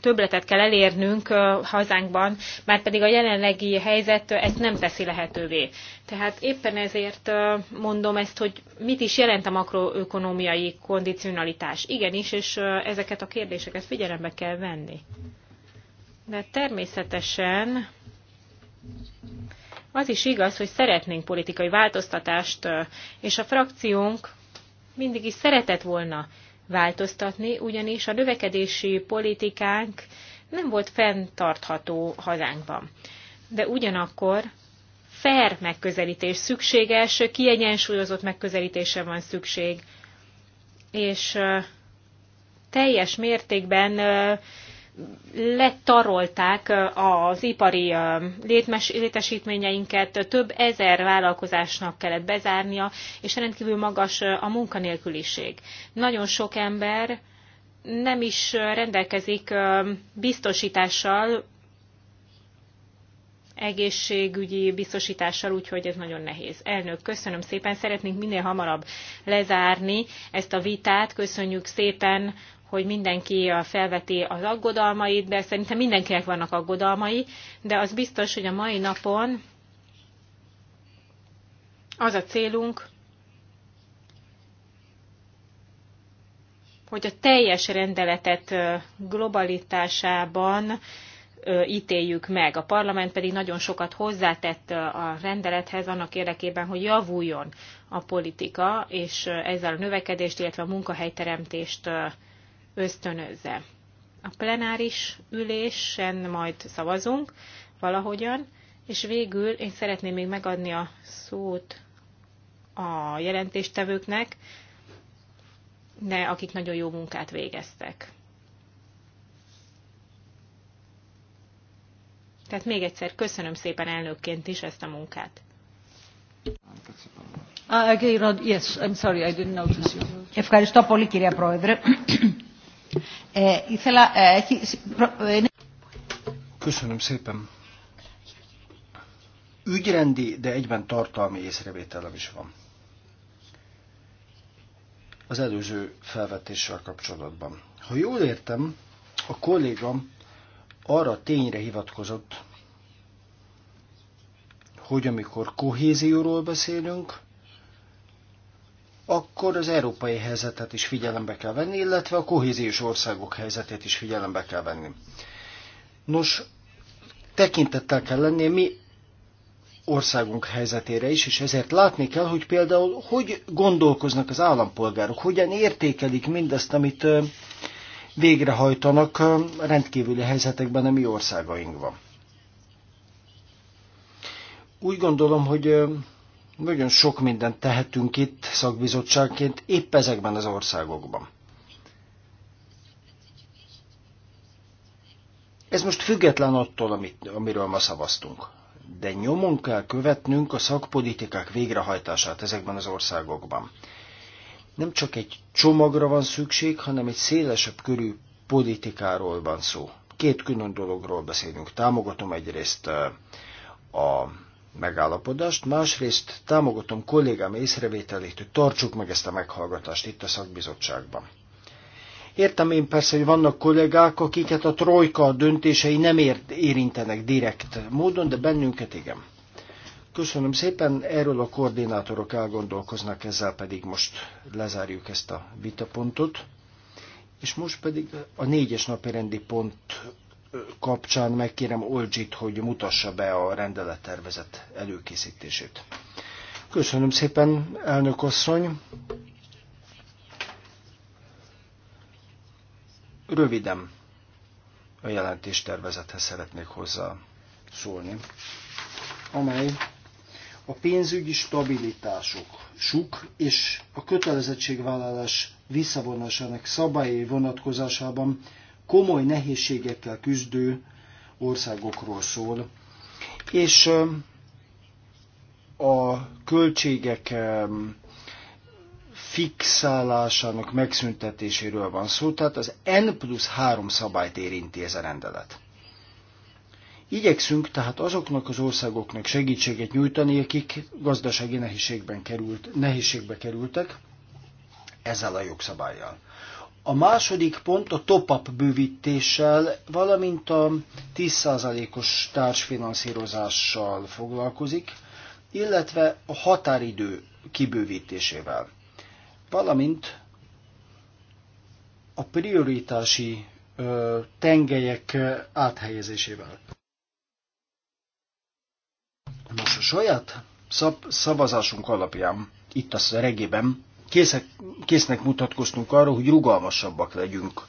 többletet kell elérnünk hazánkban, már pedig a jelenlegi helyzet ezt nem teszi lehetővé. Tehát éppen ezért mondom ezt, hogy mit is jelent a makroökonomiai kondicionalitás. Igenis, és ezeket a kérdéseket figyelembe kell venni. De természetesen az is igaz, hogy szeretnénk politikai változtatást, és a frakciónk mindig is szeretett volna változtatni, ugyanis a növekedési politikánk nem volt fenntartható hazánkban. De ugyanakkor fair megközelítés szükséges, kiegyensúlyozott megközelítése van szükség, és teljes mértékben letarolták az ipari létesítményeinket, több ezer vállalkozásnak kellett bezárnia, és rendkívül magas a munkanélküliség. Nagyon sok ember nem is rendelkezik biztosítással, egészségügyi biztosítással, úgyhogy ez nagyon nehéz. Elnök, köszönöm szépen, szeretnénk minél hamarabb lezárni ezt a vitát. Köszönjük szépen hogy mindenki felveti az aggodalmait, de szerintem mindenkinek vannak aggodalmai, de az biztos, hogy a mai napon az a célunk, hogy a teljes rendeletet globalitásában ítéljük meg. A parlament pedig nagyon sokat hozzátett a rendelethez annak érdekében, hogy javuljon a politika, és ezzel a növekedést, illetve a munkahelyteremtést ösztönözze. A plenáris ülésen majd szavazunk valahogyan, és végül én szeretném még megadni a szót a jelentéstevőknek, de akik nagyon jó munkát végeztek. Tehát még egyszer köszönöm szépen elnökként is ezt a munkát. Ah, yes, I'm sorry, I didn't notice you. Ευχαριστώ πολύ, κυρία Πρόεδρε. Eh, eh, eh, Köszönöm szépen. Ügyrendi, de egyben tartalmi észrevételem is van. Az előző felvetéssel kapcsolatban. Ha jól értem, a kolléga arra tényre hivatkozott, hogy amikor kohézióról beszélünk, akkor az európai helyzetet is figyelembe kell venni, illetve a kohéziós országok helyzetét is figyelembe kell venni. Nos, tekintettel kell lenni, mi országunk helyzetére is, és ezért látni kell, hogy például hogy gondolkoznak az állampolgárok, hogyan értékelik mindezt, amit végrehajtanak rendkívüli helyzetekben a mi országainkban. Úgy gondolom, hogy nagyon sok mindent tehetünk itt szakbizottságként, épp ezekben az országokban. Ez most független attól, amit, amiről ma szavaztunk. De nyomon kell követnünk a szakpolitikák végrehajtását ezekben az országokban. Nem csak egy csomagra van szükség, hanem egy szélesebb körű politikáról van szó. Két külön dologról beszélünk. Támogatom egyrészt eh, a megállapodást, másrészt támogatom kollégám észrevételét, hogy tartsuk meg ezt a meghallgatást itt a szakbizottságban. Értem én persze, hogy vannak kollégák, akiket a trojka döntései nem ért, érintenek direkt módon, de bennünket igen. Köszönöm szépen, erről a koordinátorok elgondolkoznak, ezzel pedig most lezárjuk ezt a vitapontot. És most pedig a négyes napi rendi pont kapcsán megkérem Olcsit, hogy mutassa be a rendelettervezet előkészítését. Köszönöm szépen, elnök asszony. Röviden a jelentéstervezethez szeretnék hozzá szólni, amely a pénzügyi stabilitások, suk és a kötelezettségvállalás visszavonásának szabályai vonatkozásában komoly nehézségekkel küzdő országokról szól, és a költségek fixálásának megszüntetéséről van szó, tehát az N plusz 3 szabályt érinti ez a rendelet. Igyekszünk tehát azoknak az országoknak segítséget nyújtani, akik gazdasági nehézségben került, nehézségbe kerültek ezzel a jogszabályjal. A második pont a top-up bővítéssel, valamint a 10%-os társfinanszírozással foglalkozik, illetve a határidő kibővítésével, valamint a prioritási ö, tengelyek áthelyezésével. Most a saját szab- szavazásunk alapján, itt a regében, készek, késznek mutatkoztunk arra, hogy rugalmasabbak legyünk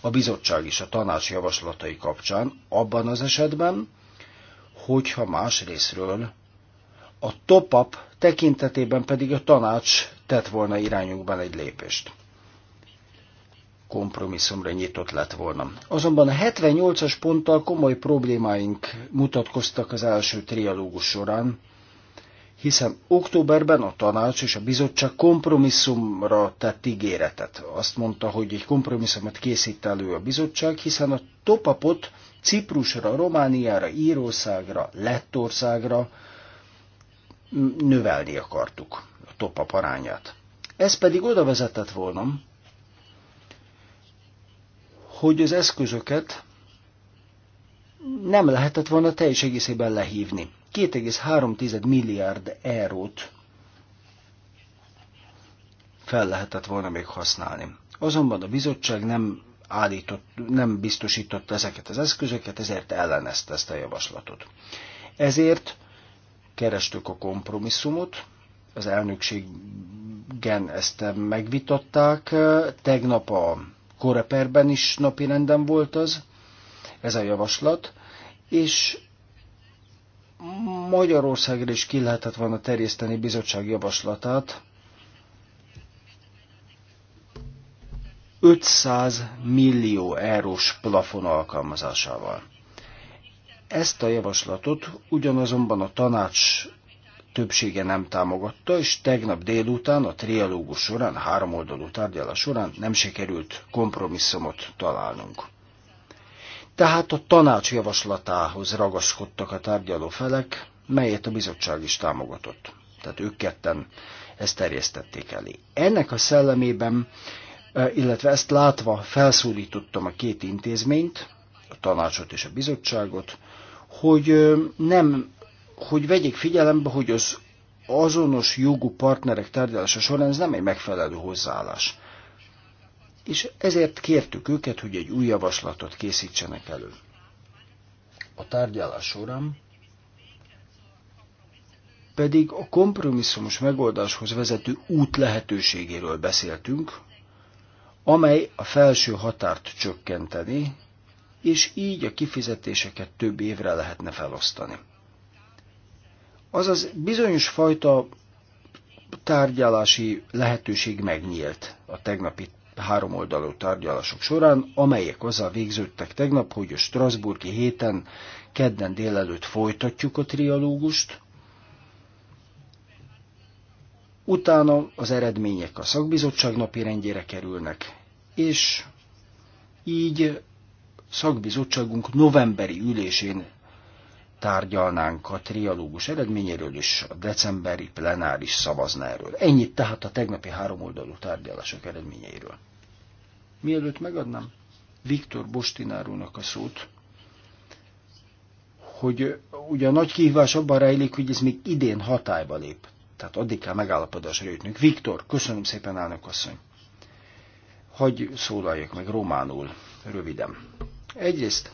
a bizottság és a tanács javaslatai kapcsán, abban az esetben, hogyha más részről a top-up tekintetében pedig a tanács tett volna irányunkban egy lépést. Kompromisszumra nyitott lett volna. Azonban a 78-as ponttal komoly problémáink mutatkoztak az első trialógus során, hiszen októberben a tanács és a bizottság kompromisszumra tett ígéretet. Azt mondta, hogy egy kompromisszumot készít elő a bizottság, hiszen a topapot Ciprusra, Romániára, Írországra, Lettországra növelni akartuk a topap arányát. Ez pedig oda vezetett volna, hogy az eszközöket nem lehetett volna teljes egészében lehívni 2,3 milliárd eurót fel lehetett volna még használni. Azonban a bizottság nem állított, nem biztosította ezeket az eszközöket, ezért ellenezte ezt a javaslatot. Ezért kerestük a kompromisszumot, az elnökségen ezt megvitatták, tegnap a Koreperben is napirenden volt az, ez a javaslat, és Magyarországra is ki lehetett volna terjeszteni bizottság javaslatát. 500 millió eurós plafon alkalmazásával. Ezt a javaslatot ugyanazonban a tanács többsége nem támogatta, és tegnap délután a trialógus során, háromoldalú tárgyalás során nem sikerült kompromisszumot találnunk. Tehát a tanács javaslatához ragaszkodtak a tárgyaló felek, melyet a bizottság is támogatott. Tehát ők ketten ezt terjesztették elé. Ennek a szellemében, e, illetve ezt látva felszólítottam a két intézményt, a tanácsot és a bizottságot, hogy e, nem, hogy vegyék figyelembe, hogy az azonos jogú partnerek tárgyalása során ez nem egy megfelelő hozzáállás és ezért kértük őket, hogy egy új javaslatot készítsenek elő. A tárgyalás során pedig a kompromisszumos megoldáshoz vezető út lehetőségéről beszéltünk, amely a felső határt csökkenteni, és így a kifizetéseket több évre lehetne felosztani. Azaz bizonyos fajta tárgyalási lehetőség megnyílt a tegnapi három oldalú tárgyalások során, amelyek azzal végződtek tegnap, hogy a Strasburgi héten kedden délelőtt folytatjuk a trialógust, utána az eredmények a szakbizottság napi rendjére kerülnek, és így szakbizottságunk novemberi ülésén tárgyalnánk a trialógus eredményéről, és a decemberi plenáris szavazna erről. Ennyit tehát a tegnapi háromoldalú tárgyalások eredményeiről. Mielőtt megadnám Viktor Bostinárónak a szót, hogy ugye a nagy kihívás abban rejlik, hogy ez még idén hatályba lép. Tehát addig kell megállapodásra jutnunk. Viktor, köszönöm szépen, elnök asszony. Hogy szólaljak meg románul, röviden. Egyrészt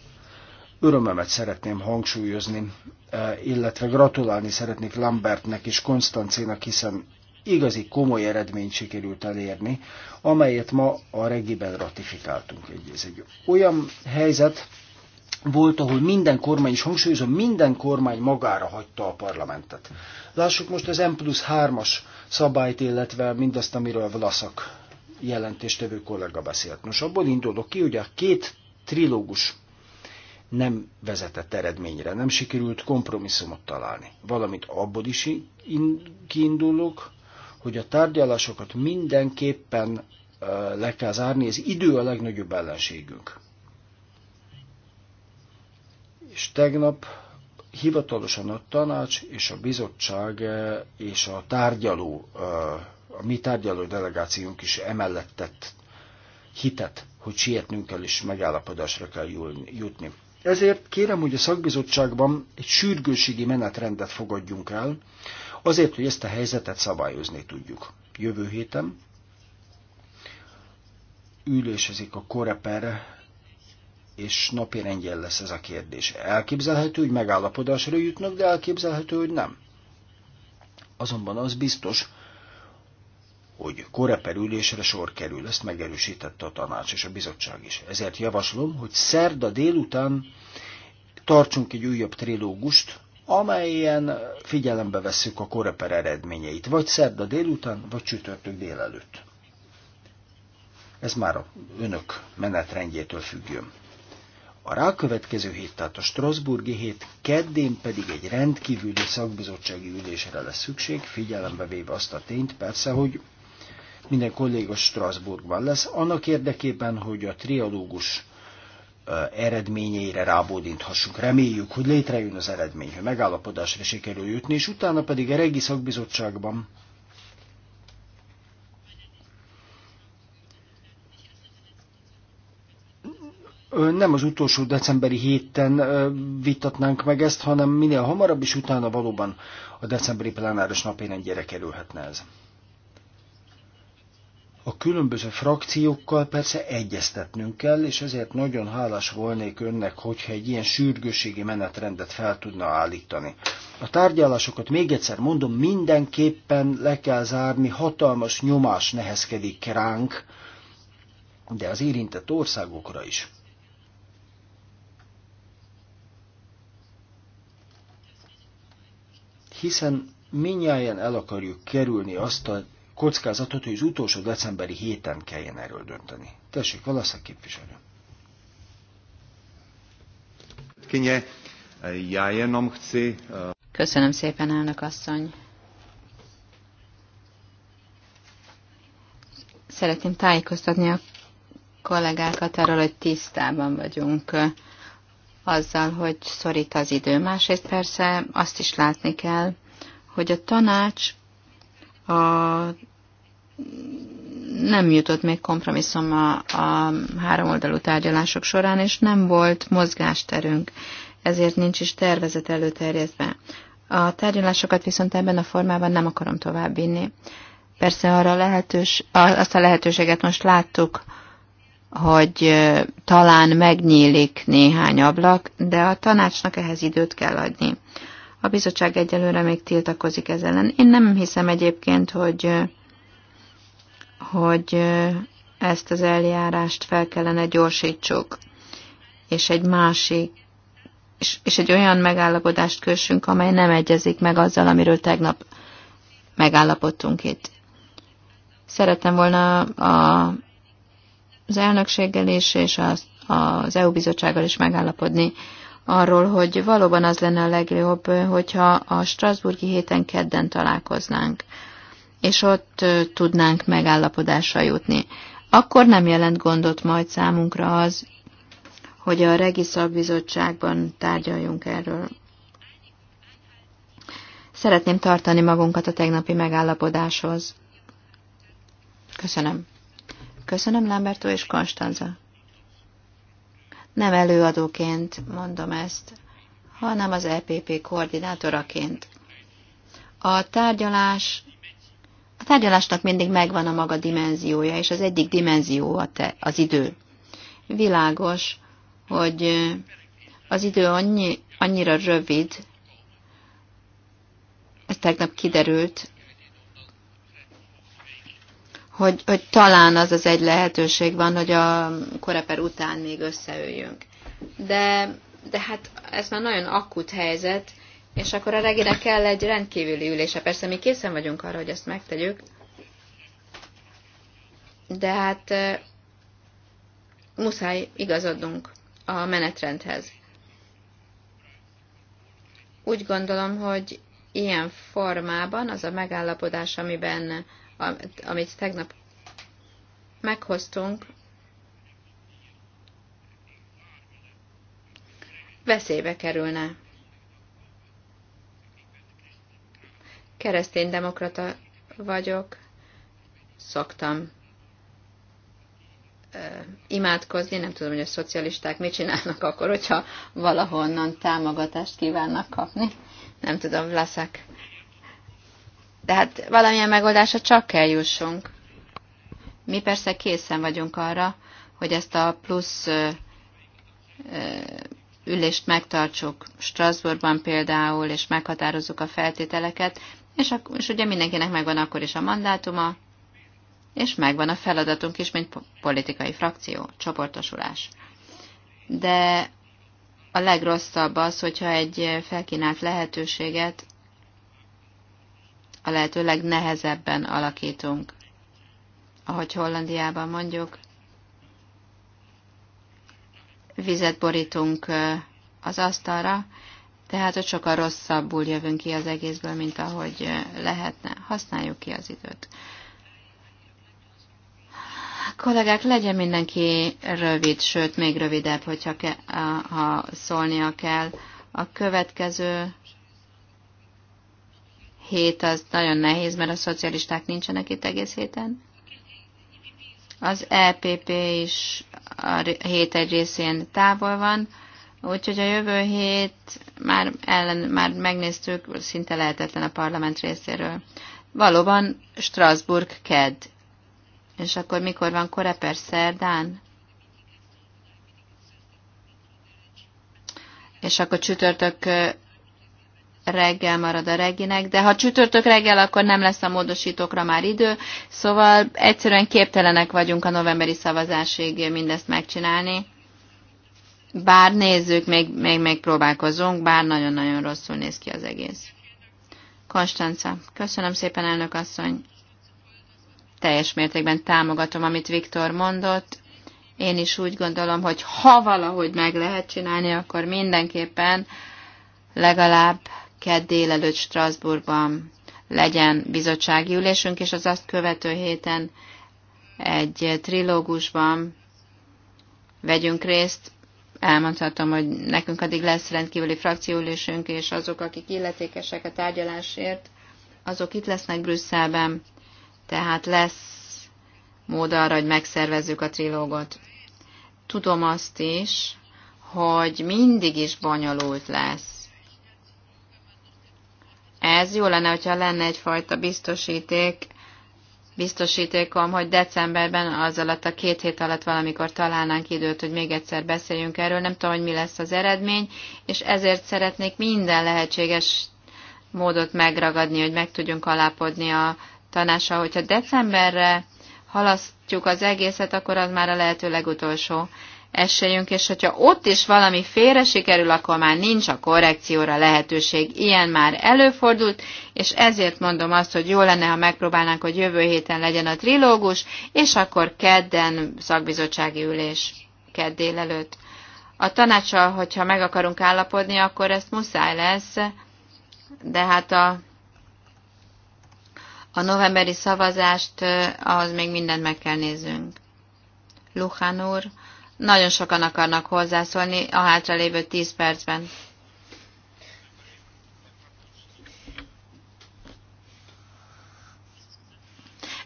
örömömet szeretném hangsúlyozni, eh, illetve gratulálni szeretnék Lambertnek és Konstancénak, hiszen igazi komoly eredményt sikerült elérni, amelyet ma a regiben ratifikáltunk. Ez egy olyan helyzet volt, ahol minden kormány, is hangsúlyozom, minden kormány magára hagyta a parlamentet. Lássuk most az M plusz 3-as szabályt, illetve mindazt, amiről Vlaszak jelentéstevő kollega beszélt. Nos, abból indulok ki, hogy a két trilógus nem vezetett eredményre, nem sikerült kompromisszumot találni. Valamint abból is kiindulok, hogy a tárgyalásokat mindenképpen le kell zárni, ez idő a legnagyobb ellenségünk. És tegnap hivatalosan a tanács és a bizottság és a tárgyaló, a mi tárgyaló delegációnk is emellett tett hitet, hogy sietnünk kell és megállapodásra kell jutni. Ezért kérem, hogy a szakbizottságban egy sürgőségi menetrendet fogadjunk el, azért, hogy ezt a helyzetet szabályozni tudjuk. Jövő héten ülésezik a koreper, és napi rendjén lesz ez a kérdés. Elképzelhető, hogy megállapodásra jutnak, de elképzelhető, hogy nem. Azonban az biztos, hogy koreper ülésre sor kerül, ezt megerősítette a tanács és a bizottság is. Ezért javaslom, hogy szerda délután tartsunk egy újabb trilógust, amelyen figyelembe vesszük a koreper eredményeit, vagy szerda délután, vagy csütörtök délelőtt. Ez már a önök menetrendjétől függjön. A rákövetkező hét, tehát a Strasburgi hét, keddén pedig egy rendkívüli szakbizottsági ülésre lesz szükség, figyelembe véve azt a tényt persze, hogy minden kolléga Strasbourgban lesz, annak érdekében, hogy a trialógus eredményeire rábódinthassunk. Reméljük, hogy létrejön az eredmény, hogy megállapodásra sikerül jutni, és utána pedig a Regi Szakbizottságban nem az utolsó decemberi héten vitatnánk meg ezt, hanem minél hamarabb, és utána valóban a decemberi plenáris napén egyére kerülhetne ez a különböző frakciókkal persze egyeztetnünk kell, és ezért nagyon hálás volnék önnek, hogyha egy ilyen sürgőségi menetrendet fel tudna állítani. A tárgyalásokat még egyszer mondom, mindenképpen le kell zárni, hatalmas nyomás nehezkedik ránk, de az érintett országokra is. Hiszen minnyáján el akarjuk kerülni azt a kockázatot, hogy az utolsó decemberi héten kelljen erről dönteni. Tessék, Valaszak képviselő. Eh, Köszönöm szépen, elnök asszony. Szeretném tájékoztatni a kollégákat arról, hogy tisztában vagyunk eh, azzal, hogy szorít az idő. Másrészt persze azt is látni kell, hogy a tanács a, nem jutott még kompromisszum a, a háromoldalú tárgyalások során, és nem volt mozgásterünk, ezért nincs is tervezet előterjedve. A tárgyalásokat viszont ebben a formában nem akarom továbbvinni. Persze arra lehetős, azt a lehetőséget most láttuk, hogy talán megnyílik néhány ablak, de a tanácsnak ehhez időt kell adni. A bizottság egyelőre még tiltakozik ez ellen. Én nem hiszem egyébként, hogy, hogy ezt az eljárást fel kellene gyorsítsuk, és egy másik, és, és egy olyan megállapodást kössünk, amely nem egyezik meg azzal, amiről tegnap megállapodtunk itt. Szerettem volna a, az elnökséggel is, és az, az EU bizottsággal is megállapodni, arról, hogy valóban az lenne a legjobb, hogyha a Strasburgi héten kedden találkoznánk, és ott tudnánk megállapodásra jutni. Akkor nem jelent gondot majd számunkra az, hogy a Regiszabbizottságban tárgyaljunk erről. Szeretném tartani magunkat a tegnapi megállapodáshoz. Köszönöm. Köszönöm, Lamberto és Konstanza. Nem előadóként mondom ezt, hanem az EPP koordinátoraként. A tárgyalás a tárgyalásnak mindig megvan a maga dimenziója, és az egyik dimenzió a te, az idő. Világos, hogy az idő annyi, annyira rövid, ez tegnap kiderült, hogy, hogy talán az az egy lehetőség van, hogy a koreper után még összeüljünk. De, de hát ez már nagyon akut helyzet, és akkor a reginek kell egy rendkívüli ülése. Persze mi készen vagyunk arra, hogy ezt megtegyük, de hát muszáj igazodnunk a menetrendhez. Úgy gondolom, hogy ilyen formában az a megállapodás, amiben amit tegnap meghoztunk, veszélybe kerülne. Keresztény demokrata vagyok, szoktam imádkozni, nem tudom, hogy a szocialisták mit csinálnak akkor, hogyha valahonnan támogatást kívánnak kapni. Nem tudom, leszek de hát valamilyen megoldásra csak kell jussunk. Mi persze készen vagyunk arra, hogy ezt a plusz ülést megtartsuk Strasbourgban például, és meghatározzuk a feltételeket, és, a, és ugye mindenkinek megvan akkor is a mandátuma, és megvan a feladatunk is, mint politikai frakció, csoportosulás. De a legrosszabb az, hogyha egy felkínált lehetőséget a lehető legnehezebben alakítunk. Ahogy Hollandiában mondjuk, vizet borítunk az asztalra, tehát hogy sokkal rosszabbul jövünk ki az egészből, mint ahogy lehetne. Használjuk ki az időt. Kollégák, legyen mindenki rövid, sőt, még rövidebb, hogyha ke- ha szólnia kell. A következő hét az nagyon nehéz, mert a szocialisták nincsenek itt egész héten. Az EPP is a hét egy részén távol van, úgyhogy a jövő hét már, ellen, már megnéztük, szinte lehetetlen a parlament részéről. Valóban Strasbourg KED. És akkor mikor van Koreper szerdán? És akkor csütörtök reggel marad a reginek, de ha csütörtök reggel, akkor nem lesz a módosítókra már idő, szóval egyszerűen képtelenek vagyunk a novemberi szavazásig mindezt megcsinálni. Bár nézzük, még, még, még próbálkozunk, bár nagyon-nagyon rosszul néz ki az egész. Konstanca, köszönöm szépen, elnök asszony. Teljes mértékben támogatom, amit Viktor mondott. Én is úgy gondolom, hogy ha valahogy meg lehet csinálni, akkor mindenképpen legalább kedd délelőtt Strasbourgban legyen bizottsági ülésünk, és az azt követő héten egy trilógusban vegyünk részt. Elmondhatom, hogy nekünk addig lesz rendkívüli frakcióülésünk, és azok, akik illetékesek a tárgyalásért, azok itt lesznek Brüsszelben, tehát lesz mód arra, hogy megszervezzük a trilógot. Tudom azt is, hogy mindig is bonyolult lesz ez. Jó lenne, hogyha lenne egyfajta biztosíték, biztosítékom, hogy decemberben az alatt a két hét alatt valamikor találnánk időt, hogy még egyszer beszéljünk erről. Nem tudom, hogy mi lesz az eredmény, és ezért szeretnék minden lehetséges módot megragadni, hogy meg tudjunk alápodni a tanással. Hogyha decemberre halasztjuk az egészet, akkor az már a lehető legutolsó esélyünk, és hogyha ott is valami félre sikerül, akkor már nincs a korrekcióra lehetőség. Ilyen már előfordult, és ezért mondom azt, hogy jó lenne, ha megpróbálnánk, hogy jövő héten legyen a trilógus, és akkor kedden szakbizottsági ülés kedd előtt. A tanácssal, hogyha meg akarunk állapodni, akkor ezt muszáj lesz, de hát a, a novemberi szavazást, ahhoz még mindent meg kell néznünk. Luhán úr, nagyon sokan akarnak hozzászólni a hátralévő 10 percben.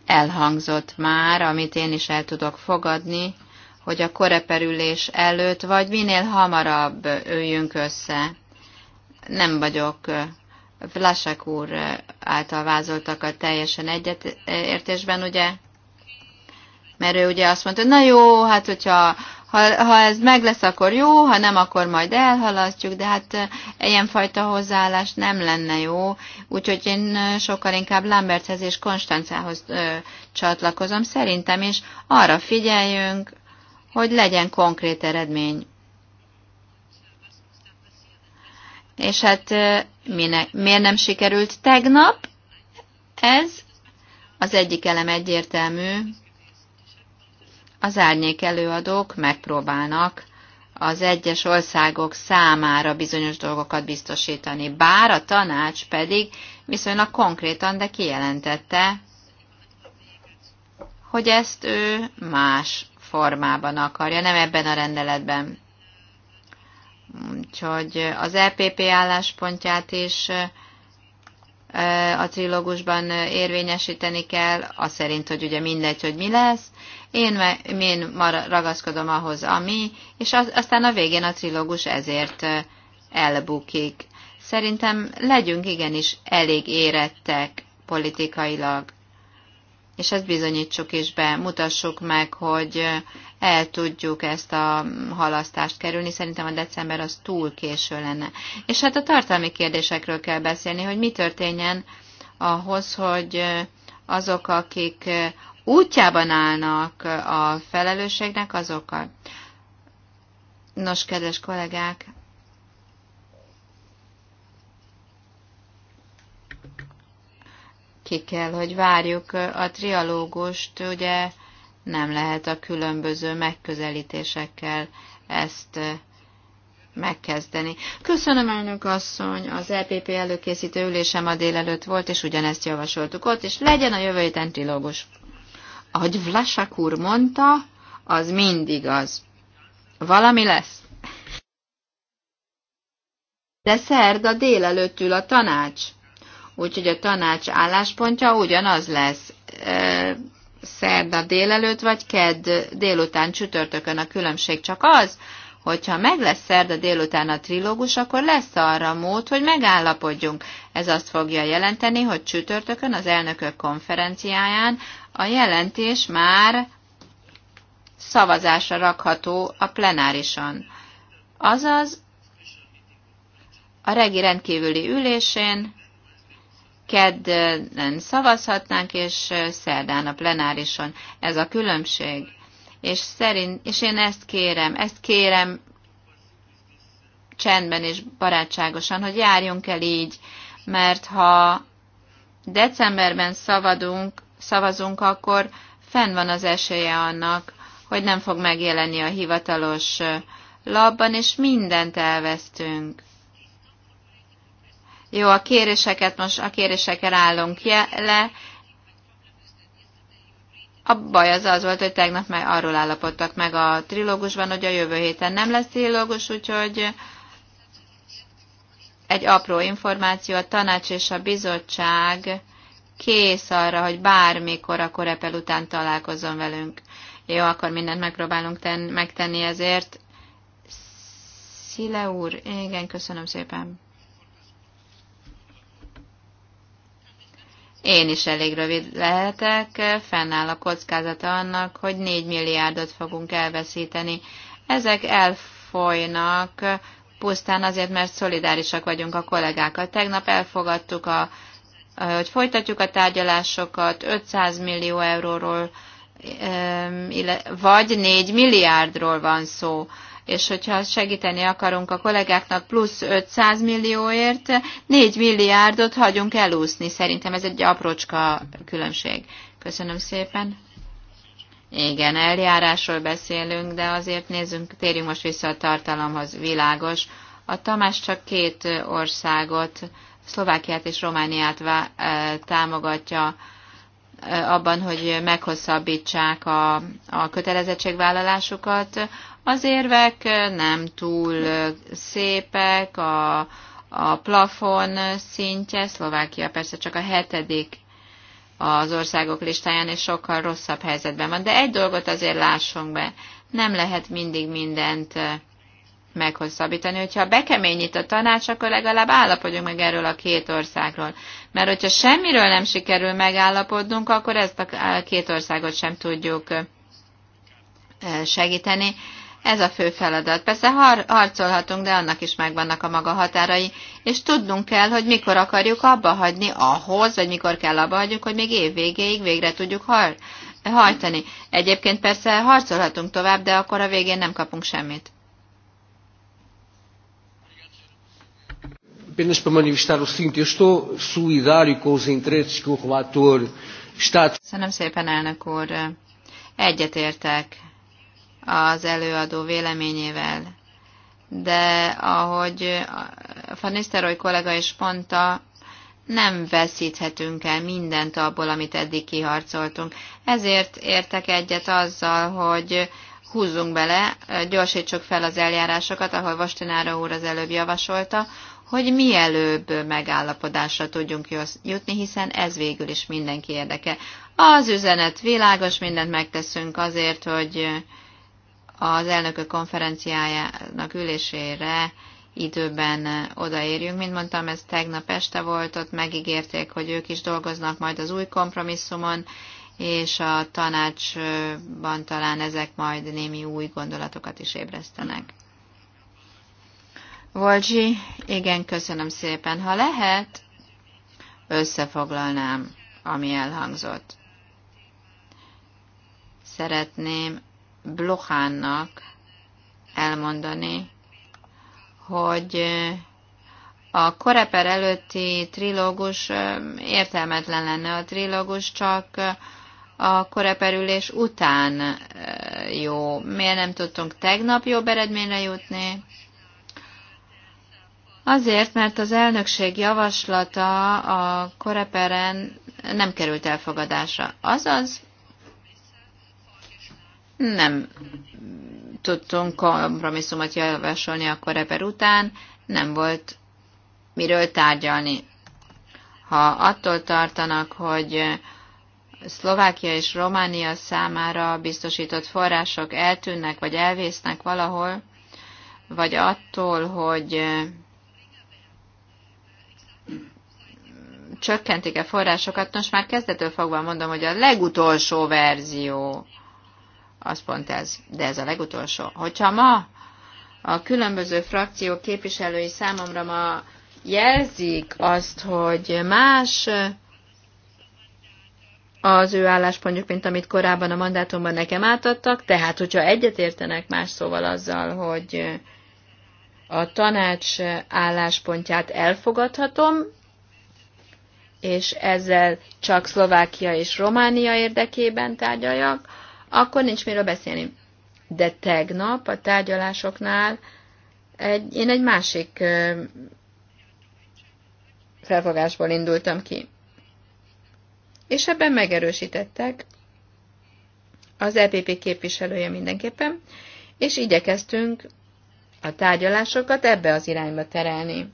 Elhangzott már, amit én is el tudok fogadni, hogy a koreperülés előtt, vagy minél hamarabb üljünk össze. Nem vagyok Vlasek úr által vázoltakat teljesen egyetértésben, ugye? Mert ő ugye azt mondta, na jó, hát hogyha ha, ha ez meg lesz, akkor jó, ha nem, akkor majd elhalasztjuk, de hát eh, ilyenfajta hozzáállás nem lenne jó. Úgyhogy én eh, sokkal inkább Lamberthez és Konstancához ö, eh, csatlakozom szerintem, és arra figyeljünk, hogy legyen konkrét eredmény. És hát minek, miért nem sikerült tegnap? Ez az egyik elem egyértelmű, az árnyék előadók megpróbálnak az egyes országok számára bizonyos dolgokat biztosítani, bár a tanács pedig viszonylag konkrétan, de kijelentette, hogy ezt ő más formában akarja, nem ebben a rendeletben. Úgyhogy az EPP álláspontját is a trilógusban érvényesíteni kell, az szerint, hogy ugye mindegy, hogy mi lesz, én, én ragaszkodom ahhoz, ami, és az, aztán a végén a trilógus ezért elbukik. Szerintem legyünk igenis elég érettek politikailag, és ezt bizonyítsuk is be, mutassuk meg, hogy el tudjuk ezt a halasztást kerülni. Szerintem a december az túl késő lenne. És hát a tartalmi kérdésekről kell beszélni, hogy mi történjen ahhoz, hogy azok, akik útjában állnak a felelősségnek azokkal. Nos, kedves kollégák, ki kell, hogy várjuk a trialógust, ugye nem lehet a különböző megközelítésekkel ezt megkezdeni. Köszönöm, elnök asszony, az EPP előkészítő ülésem a délelőtt volt, és ugyanezt javasoltuk ott, és legyen a jövő héten trilógus ahogy Vlasak úr mondta, az mindig az. Valami lesz. De szerda délelőtt ül a tanács. Úgyhogy a tanács álláspontja ugyanaz lesz. E, szerda délelőtt vagy kedd délután csütörtökön a különbség csak az, hogyha meg lesz szerda délután a trilógus, akkor lesz arra mód, hogy megállapodjunk. Ez azt fogja jelenteni, hogy csütörtökön az elnökök konferenciáján a jelentés már szavazásra rakható a plenárisan. Azaz a regi rendkívüli ülésén kedden szavazhatnánk, és szerdán a plenárison. Ez a különbség. És, szerint, és én ezt kérem, ezt kérem csendben és barátságosan, hogy járjunk el így, mert ha decemberben szavadunk, szavazunk, akkor fenn van az esélye annak, hogy nem fog megjelenni a hivatalos labban, és mindent elvesztünk. Jó, a kéréseket most a kérésekkel állunk le. A baj az az volt, hogy tegnap meg arról állapodtak meg a trilógusban, hogy a jövő héten nem lesz trilógus, úgyhogy egy apró információ, a tanács és a bizottság kész arra, hogy bármikor a korepel után találkozzon velünk. Jó, akkor mindent megpróbálunk ten, megtenni ezért. Szile úr, igen, köszönöm szépen. Én is elég rövid lehetek, fennáll a kockázata annak, hogy 4 milliárdot fogunk elveszíteni. Ezek elfolynak pusztán azért, mert szolidárisak vagyunk a kollégákkal. Tegnap elfogadtuk a hogy folytatjuk a tárgyalásokat 500 millió euróról, vagy 4 milliárdról van szó és hogyha segíteni akarunk a kollégáknak plusz 500 millióért, 4 milliárdot hagyunk elúszni. Szerintem ez egy aprócska különbség. Köszönöm szépen. Igen, eljárásról beszélünk, de azért nézzünk, térjünk most vissza a tartalomhoz. Világos. A Tamás csak két országot Szlovákiát és Romániát támogatja abban, hogy meghosszabbítsák a, a kötelezettségvállalásukat. Az érvek nem túl szépek, a, a plafon szintje, Szlovákia persze csak a hetedik az országok listáján, és sokkal rosszabb helyzetben van. De egy dolgot azért lássunk be, nem lehet mindig mindent meghosszabbítani. Hogyha bekeményít a tanács, akkor legalább állapodjunk meg erről a két országról. Mert hogyha semmiről nem sikerül megállapodnunk, akkor ezt a két országot sem tudjuk segíteni. Ez a fő feladat. Persze har- harcolhatunk, de annak is megvannak a maga határai, és tudnunk kell, hogy mikor akarjuk abba hagyni ahhoz, vagy mikor kell abba hagyjuk, hogy még év végéig végre tudjuk har- hajtani. Egyébként persze harcolhatunk tovább, de akkor a végén nem kapunk semmit. apenas para manifestar o seguinte, eu estou solidário com os interesses que o relator está... Köszönöm szépen, elnök úr. Egyetértek az előadó véleményével, de ahogy a Nisztelrooy kollega is mondta, nem veszíthetünk el mindent abból, amit eddig kiharcoltunk. Ezért értek egyet azzal, hogy húzzunk bele, gyorsítsuk fel az eljárásokat, ahol Vastinára úr az előbb javasolta, hogy mielőbb megállapodásra tudjunk jutni, hiszen ez végül is mindenki érdeke. Az üzenet világos, mindent megteszünk azért, hogy az elnökök konferenciájának ülésére időben odaérjünk. Mint mondtam, ez tegnap este volt, ott megígérték, hogy ők is dolgoznak majd az új kompromisszumon, és a tanácsban talán ezek majd némi új gondolatokat is ébresztenek. Volgyi, igen, köszönöm szépen. Ha lehet, összefoglalnám, ami elhangzott. Szeretném Blochánnak elmondani, hogy a koreper előtti trilógus értelmetlen lenne. A trilógus csak a koreperülés után jó. Miért nem tudtunk tegnap jobb eredményre jutni? Azért, mert az elnökség javaslata a koreperen nem került elfogadásra. Azaz nem tudtunk kompromisszumot javasolni a koreper után, nem volt miről tárgyalni. Ha attól tartanak, hogy Szlovákia és Románia számára biztosított források eltűnnek vagy elvésznek valahol, vagy attól, hogy csökkentik-e forrásokat, most már kezdetől fogva mondom, hogy a legutolsó verzió, az pont ez, de ez a legutolsó. Hogyha ma a különböző frakciók képviselői számomra ma jelzik azt, hogy más az ő álláspontjuk, mint amit korábban a mandátumban nekem átadtak, tehát hogyha egyetértenek más szóval azzal, hogy a tanács álláspontját elfogadhatom, és ezzel csak Szlovákia és Románia érdekében tárgyaljak, akkor nincs miről beszélni. De tegnap a tárgyalásoknál egy, én egy másik felfogásból indultam ki. És ebben megerősítettek az EPP képviselője mindenképpen, és igyekeztünk a tárgyalásokat ebbe az irányba terelni.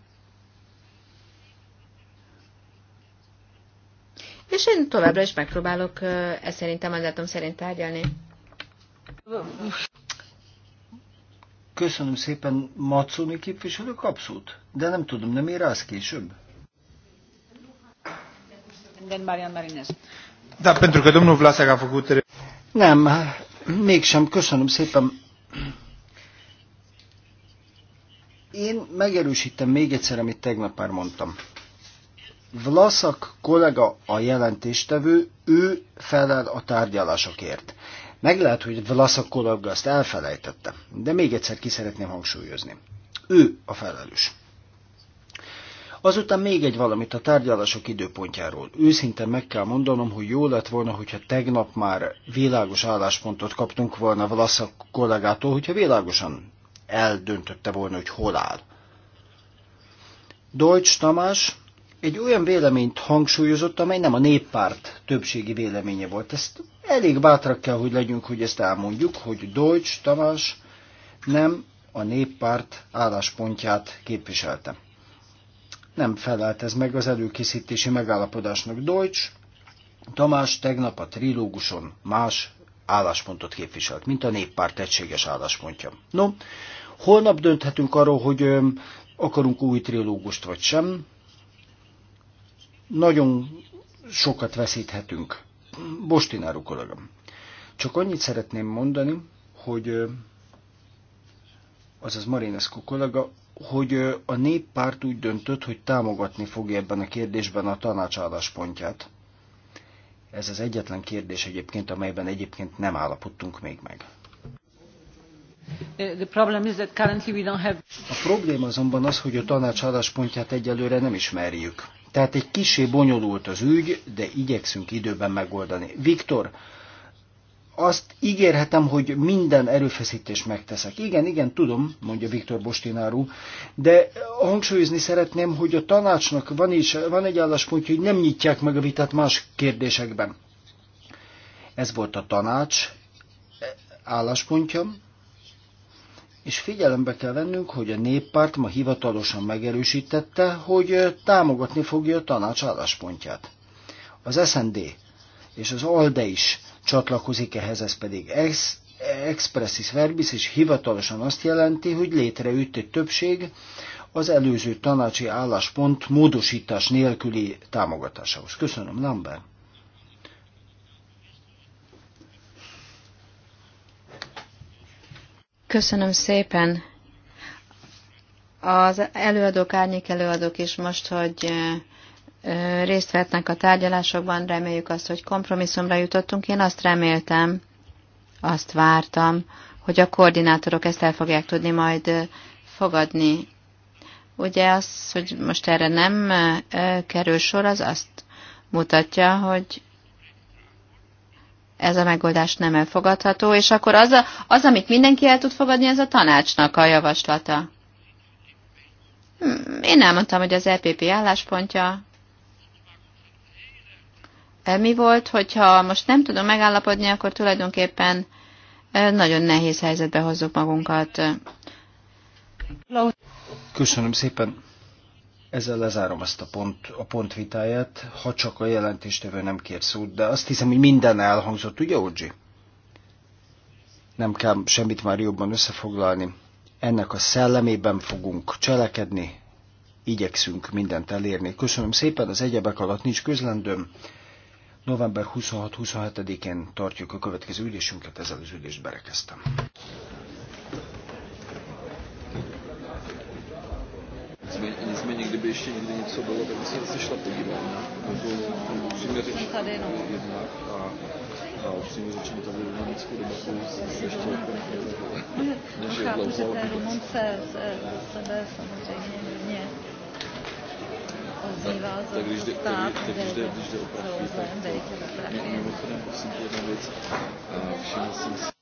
és én továbbra is megpróbálok ez a mandátum szerint tárgyalni. Köszönöm szépen, Macuni képviselő kapszót, de nem tudom, nem ér az később? Da, pentru că domnul Vlasak a făcut... Nem, mégsem, köszönöm szépen. Én megerősítem még egyszer, amit tegnap már mondtam. Vlaszak kollega a jelentéstevő, ő felel a tárgyalásokért. Meg lehet, hogy Vlaszak kollega azt elfelejtette, de még egyszer ki szeretném hangsúlyozni. Ő a felelős. Azután még egy valamit a tárgyalások időpontjáról. Őszintén meg kell mondanom, hogy jó lett volna, hogyha tegnap már világos álláspontot kaptunk volna Vlaszak kollégától, hogyha világosan eldöntötte volna, hogy hol áll. Deutsch Tamás egy olyan véleményt hangsúlyozott, amely nem a néppárt többségi véleménye volt. Ezt elég bátrak kell, hogy legyünk, hogy ezt elmondjuk, hogy Deutsch Tamás nem a néppárt álláspontját képviselte. Nem felelt ez meg az előkészítési megállapodásnak Deutsch. Tamás tegnap a trilóguson más álláspontot képviselt, mint a néppárt egységes álláspontja. No, holnap dönthetünk arról, hogy akarunk új trilógust vagy sem, nagyon sokat veszíthetünk. Bostináru kollégám. Csak annyit szeretném mondani, hogy azaz Marinescu kollega, hogy a néppárt úgy döntött, hogy támogatni fogja ebben a kérdésben a tanácsálláspontját. Ez az egyetlen kérdés egyébként, amelyben egyébként nem állapodtunk még meg. The problem is that currently we don't have... A probléma azonban az, hogy a tanács álláspontját egyelőre nem ismerjük. Tehát egy kisé bonyolult az ügy, de igyekszünk időben megoldani. Viktor, azt ígérhetem, hogy minden erőfeszítés megteszek. Igen, igen, tudom, mondja Viktor Bostinárú, de hangsúlyozni szeretném, hogy a tanácsnak van, is, van egy álláspontja, hogy nem nyitják meg a vitát más kérdésekben. Ez volt a tanács álláspontja, és figyelembe kell vennünk, hogy a néppárt ma hivatalosan megerősítette, hogy támogatni fogja a tanács álláspontját. Az SND és az ALDE is csatlakozik ehhez, ez pedig ex, expressis verbis, és hivatalosan azt jelenti, hogy létrejött egy többség az előző tanácsi álláspont módosítás nélküli támogatásához. Köszönöm, Lambert! Köszönöm szépen az előadók, árnyék előadók is most, hogy részt vettnek a tárgyalásokban, reméljük azt, hogy kompromisszumra jutottunk. Én azt reméltem, azt vártam, hogy a koordinátorok ezt el fogják tudni majd fogadni. Ugye az, hogy most erre nem kerül sor, az azt mutatja, hogy ez a megoldás nem elfogadható, és akkor az, a, az amit mindenki el tud fogadni, ez a tanácsnak a javaslata. Hmm, én elmondtam, hogy az EPP álláspontja e, mi volt, hogyha most nem tudom megállapodni, akkor tulajdonképpen e, nagyon nehéz helyzetbe hozzuk magunkat. Köszönöm szépen ezzel lezárom ezt a pont, a pont vitáját, ha csak a jelentéstevő nem kér szót, de azt hiszem, hogy minden elhangzott, ugye, Orgyi? Nem kell semmit már jobban összefoglalni. Ennek a szellemében fogunk cselekedni, igyekszünk mindent elérni. Köszönöm szépen, az egyebek alatt nincs közlendőm. November 26-27-én tartjuk a következő ülésünket, ezzel az ülést berekeztem. Nicméně, kdyby ještě někdy něco bylo, tak by se zase šla podívat na to upřímně řečeno jednak a, a upřímně řečeno tady romanickou debatu jsem ještě jako než je Chápu, že té Rumunce z sebe samozřejmě hodně ozývá tak, tak když jde, stát, tak, když jde, když jde o prachy, tak to, mimochodem, prosím tě, jedna věc, všiml jsem si,